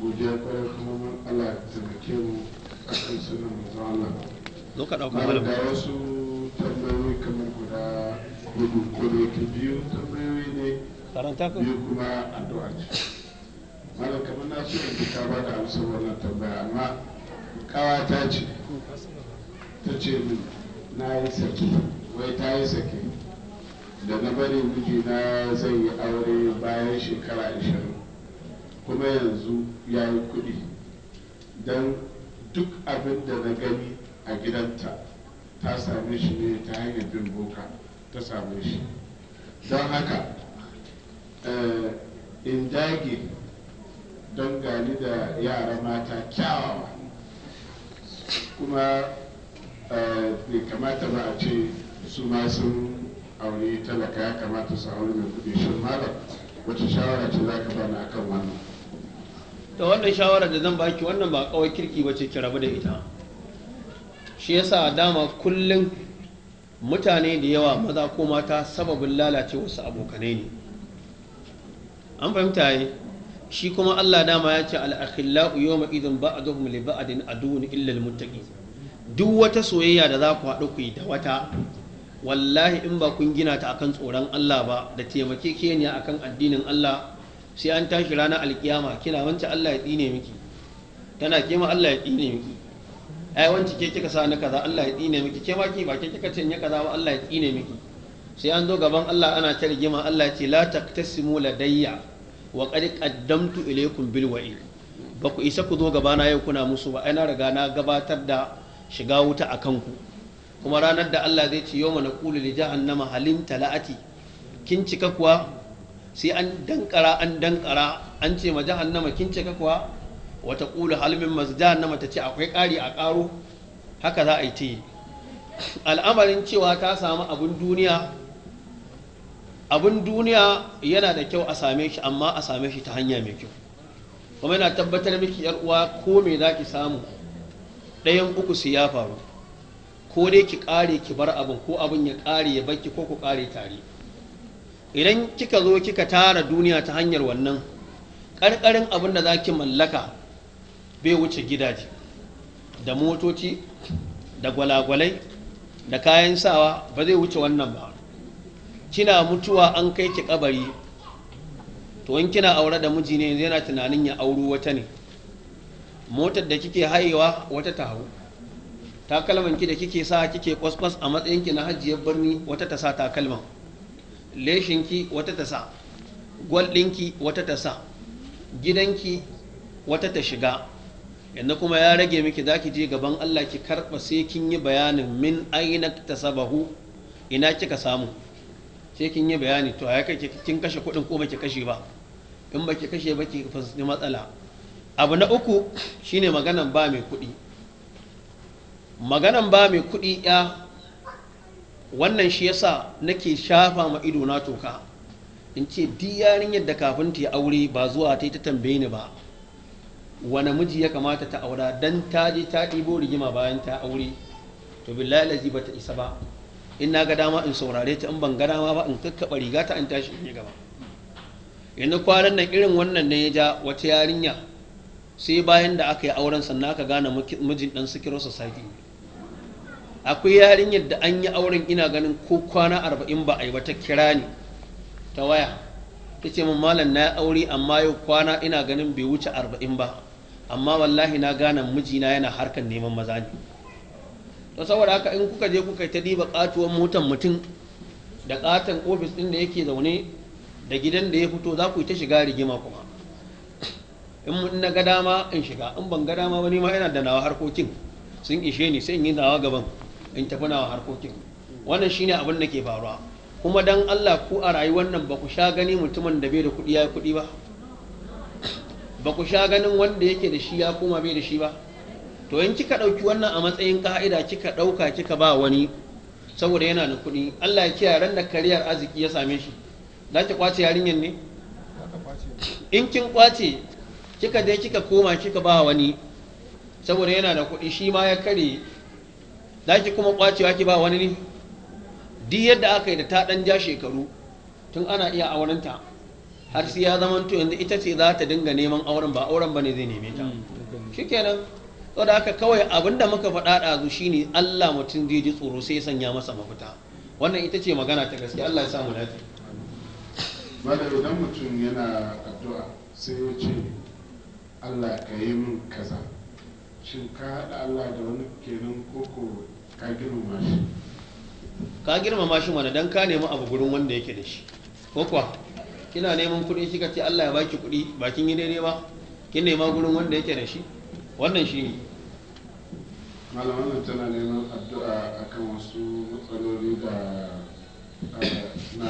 godiya kwarai kuma mun Allah ya taimake mu a kan sunan manzo Allah zo ka dauka malam da wasu tambayoyi kamar guda hudu ko da yake biyu tambayoyi ne karanta ko biyu kuma addu'a ce malam kamar na so in ka ba da amsar wannan tambaya amma kawata ce ta ce min na yi sake wai ta yi sake da na bari miji na zai yi aure bayan shekara ashirin kuma yanzu ya yi kuɗi don duk abin da na gani a gidanta ta same shi ne ta hanyar bin boka ta same shi don haka eh, in dage don gani da yara mata kyawawa kuma eh, bai kamata ba a ce su ma sun aure talaka ya kamata su aure mai kudi shi malam wacce shawara ce za ka bani akan wannan da wannan shawarar da zan baki wannan ba kawai kirki ba ce ki rabu da ita shi yasa dama kullum mutane da yawa maza ko mata sababin lalace wasu abokanai ne an fahimta yi shi kuma Allah dama ya ce al'akhillau yawma idin ba'aduhum li a aduwwun illa almuttaqi duk wata soyayya da za ku haɗu ku yi da wata wallahi in ba kun gina ta akan tsoron Allah ba da taimake keniya akan addinin Allah sai an tashi ranar alkiyama kina wancan Allah ya tsine miki tana kima Allah ya tsine miki ai wancan ke kika sa na kaza Allah ya tsine miki ke ma ba ke kika cinye kaza ba Allah ya tsine miki sai an zo gaban Allah ana ta rigima Allah ya ce la taktasimu ladayya wa qad qaddamtu ilaykum bil wa'id ba ku isa ku zo gabana yau kuna musu ba ai na riga na gabatar da shiga wuta a kanku kuma ranar da Allah zai ce yau mana kulu li jahannama halim tala'ati kin cika kuwa sai an dankara an dankara an ce ma jahannama kin ce ka kuwa wata qulu hal min masjahannama ta ce akwai ƙari a ƙaro haka za a yi ta yi al'amarin cewa ta samu abin duniya abin duniya yana da kyau a same shi amma a same shi ta hanya mai kyau kuma yana tabbatar miki yar uwa ko me za ki samu ɗayan uku su ya faru ko dai ki ƙare ki bar abin ko abin ya ƙare ya baki ko ku ƙare tare idan kika zo kika tara duniya ta hanyar wannan ƙarƙarin abin da za ki mallaka bai wuce gidaje da motoci da gwalagwalai da kayan sawa ba zai wuce wannan ba kina mutuwa an kai ki kabari to in kina aure da miji ne yana tunanin ya auro wata ne motar da kike haiwa wata ta hau takalmanki ki da kike sa kike kwaskwas a matsayinki na hajjiyar birni wata ta sa takalman leshinki wata ta sa gwaldinki wata ta sa gidanki wata ta shiga yadda kuma ya rage miki za ki je gaban Allah ki karɓa sai kin yi bayanin min aina ta sabahu ina kika samu sai kin yi bayani to a yaka kin kashe kuɗin ko baki kashe ba in baki kashe ba ki fuskanci matsala abu na uku shine maganan ba mai kuɗi maganan ba mai kuɗi ya wannan shi yasa nake shafa ma ido na toka in ce di yarinyar da kafin ta yi aure ba zuwa ta yi ta tambaye ni ba wani miji ya kamata ta aura dan ta je ta ɗibo rigima bayan ta aure to billahi lazi ba ta isa ba in na ga dama in saurare ta in ban ga dama ba in kakkaɓa riga ta in tashi in yi gaba yanzu kwanan nan irin wannan ne ya ja wata yarinya sai bayan da aka yi auren sannan aka gane mijin ɗan sikiro society akwai yarinyar da an yi auren ina ganin ko kwana arba'in ba a yi ta kira ni ta waya ta ce min malam na aure amma yau kwana ina ganin bai wuce arba'in ba amma wallahi na gane mijina yana harkar neman maza ne Ta saboda haka in kuka je kuka ta diba katuwar motar mutum da katon ofis ɗin da yake zaune da gidan da ya fito za ku yi ta shiga rigima kuma in na ga dama in shiga in ban ga dama ba ma yana da nawa harkokin sun ishe ni sai in yi nawa gaban in tafi nawa harkokin wannan shine abin da ke faruwa kuma dan Allah ku a rayuwar nan ba ku sha gani mutumin da bai da kuɗi ya yi kuɗi ba ba ku sha ganin wanda yake da shi ya koma bai da shi ba to in kika ɗauki wannan a matsayin ka'ida kika ɗauka kika ba wani saboda yana da kuɗi Allah ya kiyaye ran da kariyar arziki ya same shi za ki kwace yarinyar ne in kin kwace kika je kika koma kika ba wani saboda yana da kuɗi shi ma ya kare Da ki kuma kwacewa ki ba wani ne duk yadda aka yi da ta dan ja shekaru tun ana iya aurenta har sai ya zama to yanzu ita ce za ta dinga neman auren ba auren bane zai neme ta mm, shikenan da aka kawai abinda muka faɗa zu shine Allah mutum zai ji tsoro sai ya sanya masa mafita wannan ita ce magana ta gaske Allah ya samu lafiya mala idan mutum yana addu'a sai ya ce Allah ka yi min kaza shin ka haɗa Allah da wani kenan koko ka girmama shi ka shi mana dan ka nemi abu gurin wanda yake da shi ko kuwa kina neman kuɗi kika ce Allah ya baki kuɗi bakin yi daidai ba kin nema gurin wanda yake da shi wannan shi ne malam tana neman addu'a akan wasu matsaloli da na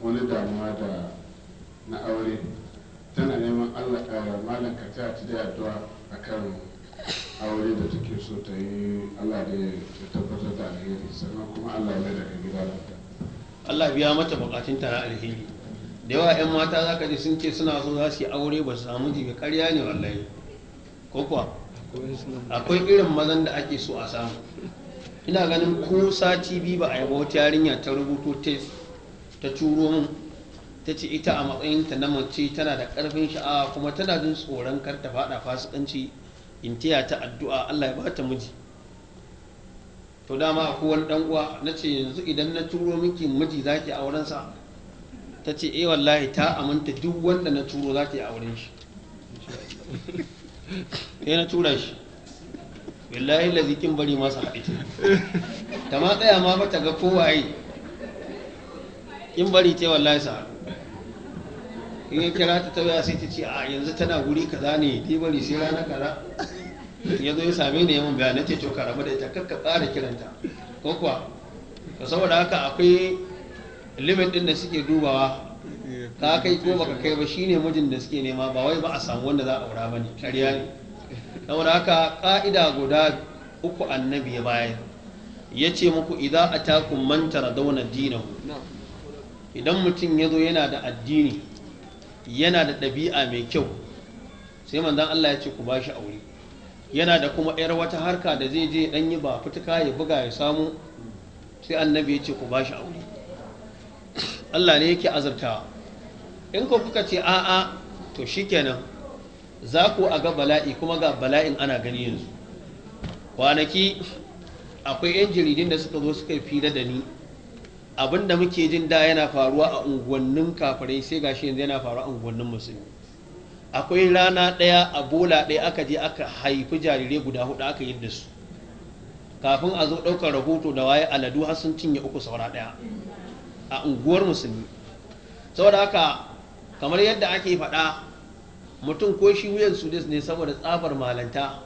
wani damuwa da na aure tana neman Allah eh, malam ka ta da addu'a akan aure da take so ta yi Allah da ya tabbatar da alheri sannan kuma Allah ya daga gida ta. Allah biya mata bukatun ta na alheri da yawa yan mata za ka ji sun ce suna so za su yi aure ba su samu jibi karya ne wallahi ko kuwa akwai irin mazan da ake so a samu ina ganin ko sati biyu ba a yaba wata yarinya ta rubuto test ta turo min ta ce ita a matsayinta na mace tana da ƙarfin sha'awa kuma tana jin tsoron kar ta faɗa fasikanci in taya ta addu'a Allah ya ba ta miji to dama ko wani dan uwa nace yanzu idan na turo miki miji zaki auren sa tace eh wallahi ta aminta duk wanda na turo zaki auren shi eh na tura shi wallahi lazi kin bari masa haɗe ta ma tsaya ma ba ta ga kowa yi kin bari ce wallahi sa in ya kira ta tawaya sai ta ce a yanzu tana wuri kaza ne dibari sai rana kaza ya zo ya same ni yawan bayanai ce to karama da ita kakka tsara kiranta ko kuwa ka saboda haka akwai limit ɗin da suke dubawa ka kai ko baka kai ba shine mijin da suke nema ba wai ba a samu wanda za a aura ba ne ƙarya ne saboda haka ƙa'ida guda uku annabi ya bayar ya ce muku idan atakum man taradawna dinahu idan mutum ya zo yana da addini yana da ɗabi'a mai kyau sai manzan Allah ya ce ku bashi aure yana da kuma yar wata harka da zai je dan yi ba fituka ya buga ya samu sai annabi ya ce ku bashi aure Allah ne yake azurtawa in ku kuka ce a'a to shikenan za ku a ga bala'i kuma ga bala'in ana gani yanzu kwanaki akwai 'yan jaridun da suka zo suka fi da ni abin da muke jin da yana faruwa a unguwannin kafirai sai gashi yanzu yana faruwa a unguwannin musulmi akwai rana ɗaya a bola ɗaya aka je aka haifi jarirai guda hudu aka yi da su kafin a zo ɗaukar rahoto da waye aladu har sun cinye uku saura ɗaya a unguwar musulmi saboda haka kamar yadda ake faɗa mutum ko shi wuyan su ne saboda tsabar malanta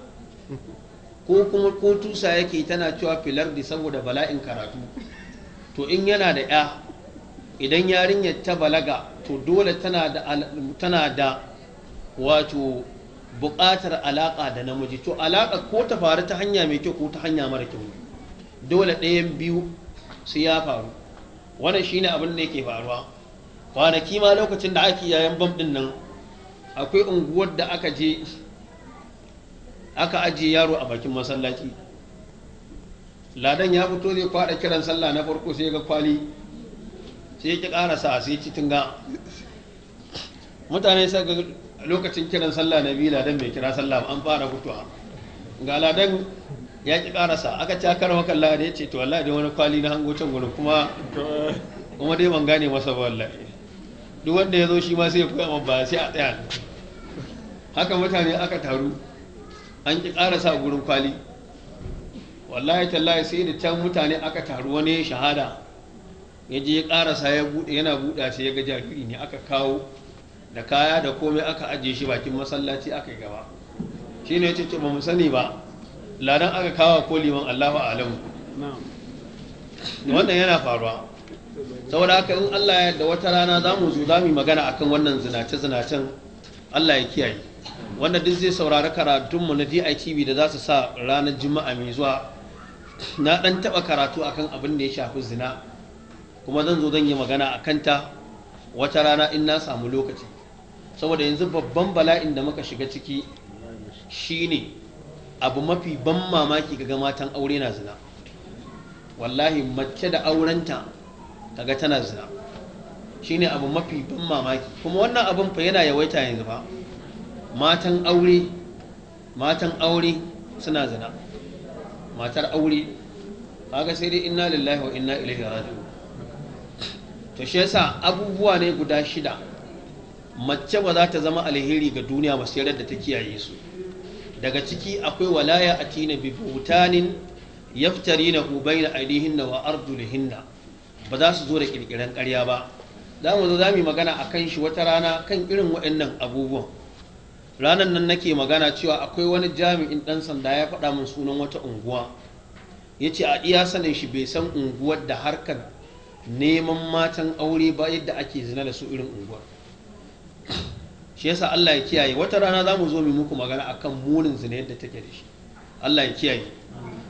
ko kuma ko tusa yake tana cewa filar da saboda bala'in karatu to in yana da ya idan yarinyar ta balaga to dole tana da wato buƙatar alaƙa da namiji to alaƙa ko ta faru ta hanya mai kyau ko ta hanya mara kyau dole ɗayan biyu su ya faru wannan ne abin da yake faruwa kwanaki ma lokacin da ake yayan bam ɗin nan akwai unguwar da aka je aka ajiye yaro a bakin masallaci ladan ya fito zai kwada kiran sallah na farko sai ga kwali sai ki karasa sai ci tunga mutane sai ga lokacin kiran sallah na biyu ladan bai kira sallah an fara fitowa ga ladan ya ki karasa aka ci akar maka ladan ya ce to wallahi dai wani kwali na hango can gurin kuma kuma dai ban gane masa ba wallahi duk wanda ya zo shi ma sai ya koya ba sai a tsaya haka mutane aka taru an ki karasa gurin kwali wallahi tallahi sai da can mutane aka taru wani shahada ya je ya karasa ya bude yana buɗa sai ya ga jariri ne aka kawo da kaya da komai aka ajiye shi bakin masallaci aka yi gaba shi ne ce ba mu sani ba ladan aka kawo ko liman allahu alamu wannan yana faruwa saboda haka in allah ya da wata rana za mu zo za mu magana akan wannan zinace-zinacen allah ya kiyaye wanda duk zai saurari karatunmu na DITV da za su sa ranar juma'a mai zuwa na ɗan taɓa karatu akan abin da ya shafi zina kuma zan zo zan yi magana a kanta wata rana in na samu lokaci saboda yanzu babban bala'in da muka shiga ciki shine abu mafi ban mamaki ga matan aure na zina wallahi mace da aurenta kaga tana zina shine abu mafi ban mamaki kuma wannan abin fa yana yawaita yanzu ba matan aure matan aure suna zina matar aure kaga sai dai inna lillahi wa inna ilaihi raji'un to shi yasa abubuwa ne guda shida mace ba za ta zama alheri ga duniya ba sai da ta kiyaye su daga ciki akwai walaya atina bi butanin yaftarinahu bayna aydihinna wa arjulihinna ba za su zo da kirkiran karya ba za mu zo za mu magana akan shi wata rana kan irin waɗannan abubuwan ranar nan nake magana cewa akwai wani jami'in ɗan sanda ya faɗa min sunan wata unguwa ya ce a iya sanin shi bai san unguwar da harkar neman matan aure ba yadda ake zina da su irin unguwar shi yasa Allah ya kiyaye wata rana za mu zo mu muku magana akan munin zina yadda take da shi Allah ya kiyaye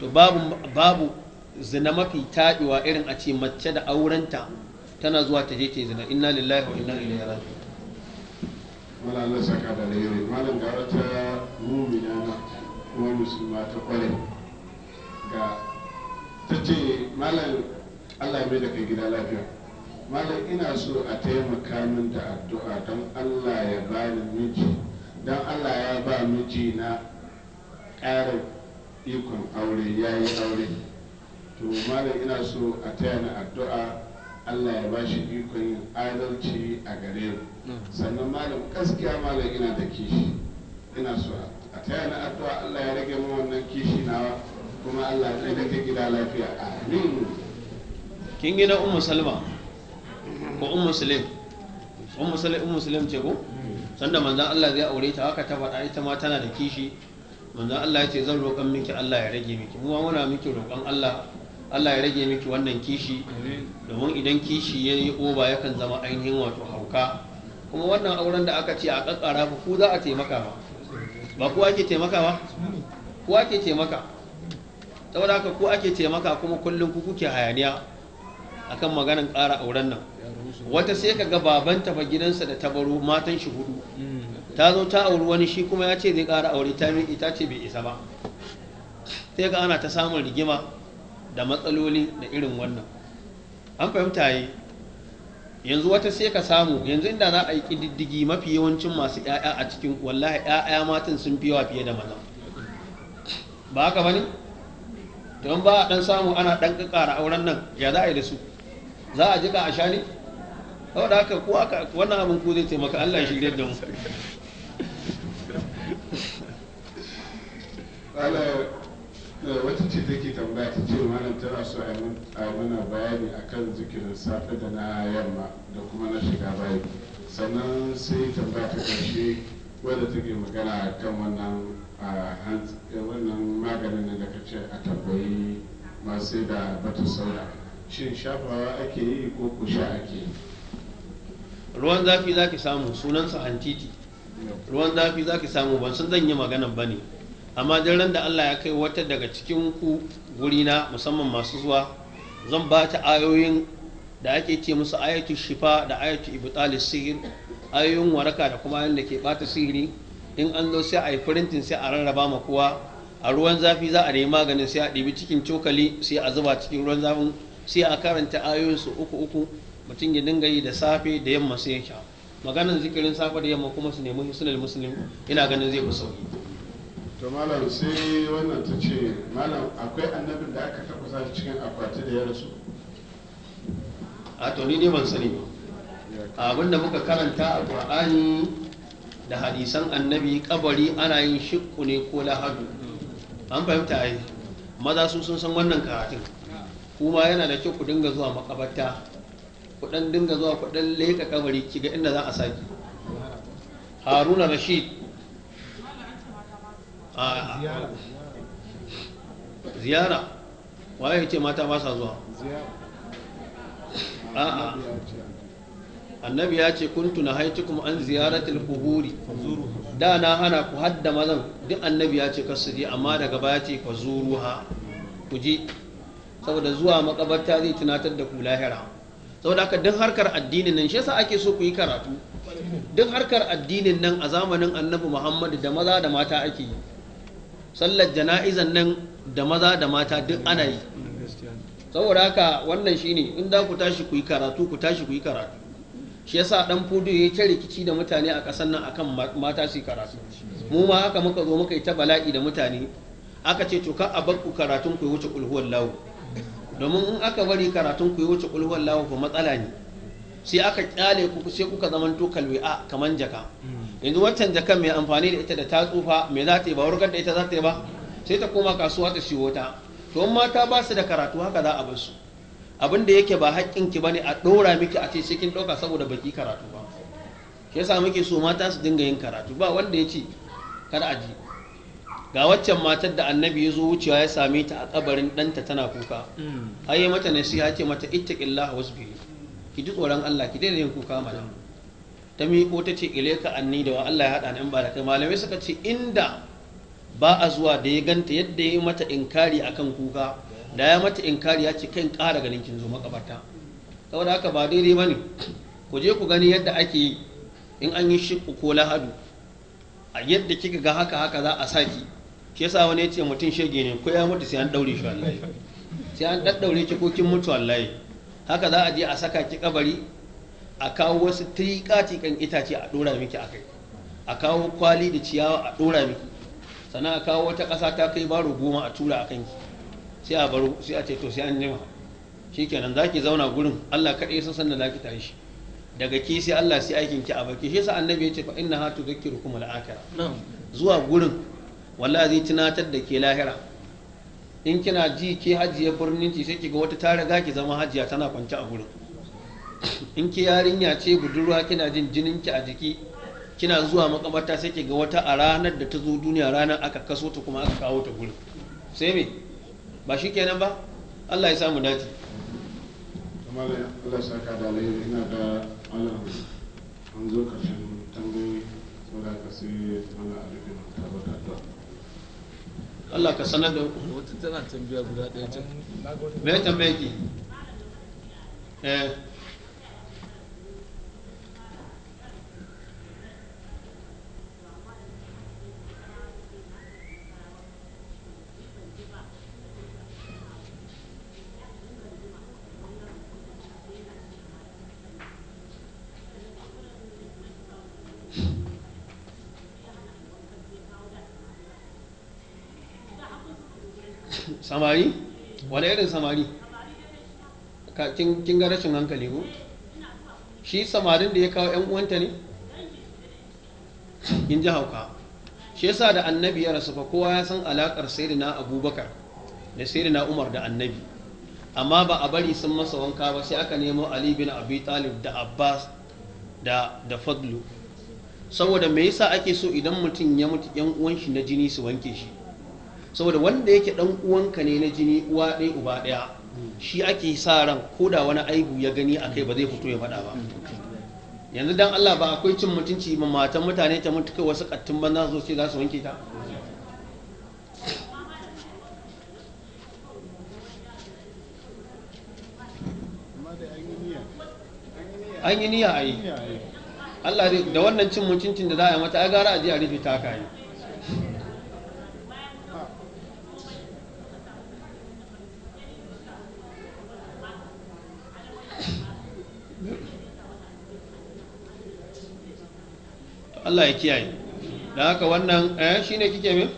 to babu babu zina mafi taɗiwa irin a ce mace da aurenta tana zuwa ta je ta zina inna lillahi wa inna ilaihi raji'un wala na saka da rere malam gara ta mumina na kuma musulma ta kware ga ta ce malam Allah mai da kai gida lafiya malam ina so a taimaka min da addu'a don Allah ya bani miji don Allah ya ba miji na ƙarin ikon aure ya yi aure to malam ina so a taya ni addu'a Allah ya bashi ikon yin adalci a gare mu sannan malam gaskiya malam ina da kishi ina so a taya na addu'a Allah ya rage mu wannan kishi nawa kuma Allah ya rage gida lafiya amin kin gina ummu salma ko ummu salim ummu salim ummu salim ce ko sanda manzon Allah zai aure ta haka ta faɗa ita ma tana da kishi manzon Allah ya ce zan roƙan miki Allah ya rage miki mu muna miki roƙon Allah Allah ya rage miki wannan kishi domin idan kishi ya yi oba yakan zama ainihin wato hauka kuma wannan auren da aka ce a kankara ku ku za a taimaka ba ba ku ake taimaka ba ku ake taimaka saboda haka ku ake taimaka kuma kullum ku kuke hayaniya akan maganin kara auren nan wata sai ka ga babanta fa gidansa da tabaru matan shi hudu ta zo ta auri wani shi kuma ya ce zai kara aure ta ita ce bai isa ba sai ga ana ta samun rigima da matsaloli da irin wannan an fahimta yi yanzu wata sai ka samu yanzu inda za a yi ƙididdigi mafi yawancin masu 'ya'ya a cikin wallahi 'ya'ya matan sun fi yawa fiye da maza ba haka ba ne don ba a dan samu ana ɗan ƙaƙara auren nan ya za a yi da su za a jika a sha hau da haka ko aka wannan abin ku zai taimaka allah shi da mu Eh, wata ce take tambaya ta ce malam tana so a yi mana bayani akan zikirin safe da na yamma da kuma na shiga bayi sannan sai tambaya ta ƙarshe wadda take magana kan eh, wannan maganin da ka ce a tambayi masu da bata saura shin shafawa ake yi ko kusha ake yi ruwan zafi za ki samu sunansa hantiti ruwan zafi za ki samu ban san zan yi maganan ba ne amma duk ran da Allah ya kai wata daga cikin ku gurina musamman masu zuwa zan ba ta ayoyin da ake ce musu ayatu shifa da ayatu ibtal sihir ayoyin waraka da kuma ayoyin da ke bata sihiri in an zo sai a yi printing sai a rarraba ma kowa a ruwan zafi za a nemi maganin sai a ɗibi cikin cokali sai a zuba cikin ruwan zafin sai a karanta ayoyin su uku uku mutum ya dinga yi da safe da yamma sai ya sha maganin zikirin safe da yamma kuma su nemi sunan ina ganin zai fi sauki to malam sai wannan ta ce malam akwai annabin da aka taɓa cikin akwati da ya rasu a to ni ne ban sani ba da muka karanta a qur'ani da hadisan annabi kabari ana yin shikku ne ko lahadu an fahimta ai maza su sun san wannan karatun kuma yana da kyau ku dinga zuwa makabarta ku dan dinga zuwa ku dan leka kabari kiga inda za a saki haruna rashid ziyara waye ce mata ba sa zuwa a'a annabi ya ce kuntu na kuma an ziyaratul kuburi da na hana ku hadda mazan duk annabi ya ce kasu je amma daga baya ce zuru ha ku je saboda zuwa makabarta zai tunatar da ku lahira saboda haka duk harkar addinin nan shi yasa ake so ku yi karatu duk harkar addinin nan a zamanin annabi muhammadu da maza da mata ake yi sallar jana'izan nan da maza da mata duk ana yi saboda haka wannan shine in da ku tashi ku yi karatu ku tashi ku yi karatu shi yasa dan fudu ya ta rikici da mutane a ƙasar nan akan mata su karatu mu ma haka muka zo muka yi ta bala'i da mutane aka ce to ka a bar ku karatun ku wuce kulhuwar lawo domin in aka bari karatun ku wuce kulhuwar lawo ko matsala ne sai aka kyale ku sai kuka zamanto kalwi'a kaman jaka yanzu waccan jakan mai amfani da ita da ta tsufa mai za ta yi ba warkar da ita za ta yi ba sai ta koma kasuwa ta siyo ta to mata ba su da karatu haka za a bar su abin da yake ba haƙƙin ki bane a ɗora miki a ce sai kin ɗauka saboda baki karatu ba shi yasa muke so mata su dinga yin karatu ba wanda ya ce kar a ji ga waccan matar da annabi ya zo wucewa ya same ta a kabarin ɗanta tana kuka har mm. mata nasiha ce mata ittaqillah wasbiri ki ji tsoron Allah ki daina yin kuka madam ta miƙo ta ce ilaika anni da wa Allah ya haɗa ni ba da kai malamai suka ce inda ba a zuwa da ya ganta yadda ya yi mata inkari akan kuka da ya mata inkari ya ce kai ƙara ganin kin zo makabarta saboda haka ba daidai bane ku je ku gani yadda ake yi in an yi shiku ko lahadu a yadda kika ga haka haka za a saki ke yasa wani ya ce mutum shege ne ko ya mutu sai an daure shi wallahi sai an daddaure ki ko kin mutu wallahi haka za a je a saka ki kabari a kawo wasu tiƙaci kan itace a ɗora miki a kai a kawo kwali da ciyawa a ɗora miki sannan a kawo wata ƙasa ta kai baro goma a tura a kanki sai a baro sai a ce sai an jima kenan za ki zauna gurin allah kaɗai san sanda za ki tashi daga ke sai allah sai aikin ki a baki shi sa annabi ya ce fa inna hatu zakiru kuma al'akira zuwa gurin wallahi zai tunatar da ke lahira in kina ji ke hajiya birnin ki sai ki ga wata ta riga ki zama hajiya tana kwance a gurin in ki yarinya ce budurwa kina jin jinin ki a jiki kina zuwa makabarta sai ki ga wata a ranar da ta zo duniya ranar aka kaso ta kuma aka kawo ta gurin sai me ba shi kenan ba Allah ya samu dace kamar Allah saka da alheri ina da Allah an zo karshen tambayoyi saboda ka sai Allah alifin ta baka addu'a Allah ka sanar da wata tana tambaya guda ɗaya can me tambaye ki eh samari wani irin samari kin ga rashin hankali ko shi samarin da ya kawo yan uwanta ne in ji hauka shi yasa da annabi ya rasu fa kowa ya san alakar sayyidina abubakar da sayyidina umar da annabi amma ba a bari sun masa wanka ba sai aka nemo ali bin abi talib da abbas da da fadlu saboda me yasa ake so idan mutum ya mutu yan uwan shi na jini su wanke shi saboda wanda yake dan uwanka ne na jini uwa ɗaya uba ɗaya shi ake sa ran ko da wani aibu ya gani a kai ba zai fito ya faɗa ba yanzu dan Allah ba akwai cin mutunci ma matan mutane ta mutu kai wasu kattun banza su ce za su wanke ta an yi niyya a yi Allah da wannan cin mutuncin da za a yi mata ya gara a je a rufe ta kayi Allah ya kiyaye da haka wannan eh shine kike min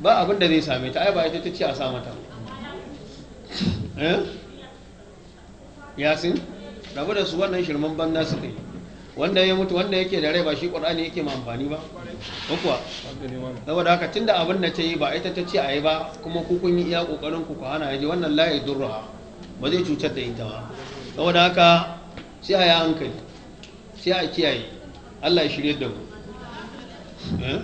ba abin da zai same ta ai ba ita ta ce a sa mata eh yasin rabu da su wannan shirman banda su kai wanda ya mutu wanda yake da rai ba shi qur'ani yake ma amfani ba kuwa saboda haka tun da abin da ta yi ba ita ta ce a yi ba kuma ku kun yi iya kokarin ku ku hana yaji wannan layi durra ba zai cutar da ita ba saboda haka sai a yi hankali sai a kiyaye Allah ya shirye da mu eh?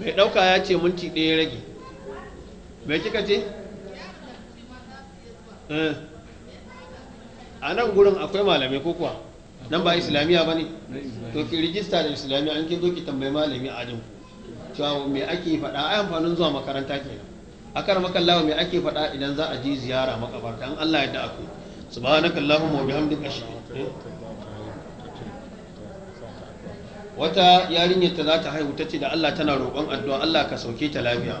mai dauka ya ce minti ɗaya rage mai kika ce? Eh. a nan gurin akwai malamai ko kuwa nan ba islamiyya ba ne to ki rijista da islamiyya an kin zo ki tambayi malami a ajinku cewa me ake faɗa a amfanin zuwa makaranta kenan akar makallawa me ake faɗa idan za a ji ziyara makabarta an Allah ya da aku subhanakallahumma wa bihamdika ashhadu wata yarinyar ta za ta haihu ta ce da Allah tana roƙon addu'a Allah ka sauke ta lafiya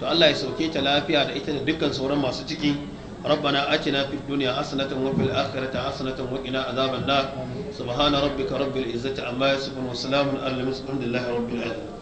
to Allah ya sauke ta lafiya da ita da dukkan sauran masu ciki ربنا آتنا في الدنيا حسنة وفي الآخرة حسنة وقنا عذاب النار سبحان ربك رب العزة عما يصفون وسلام على المرسلين الحمد لله رب العالمين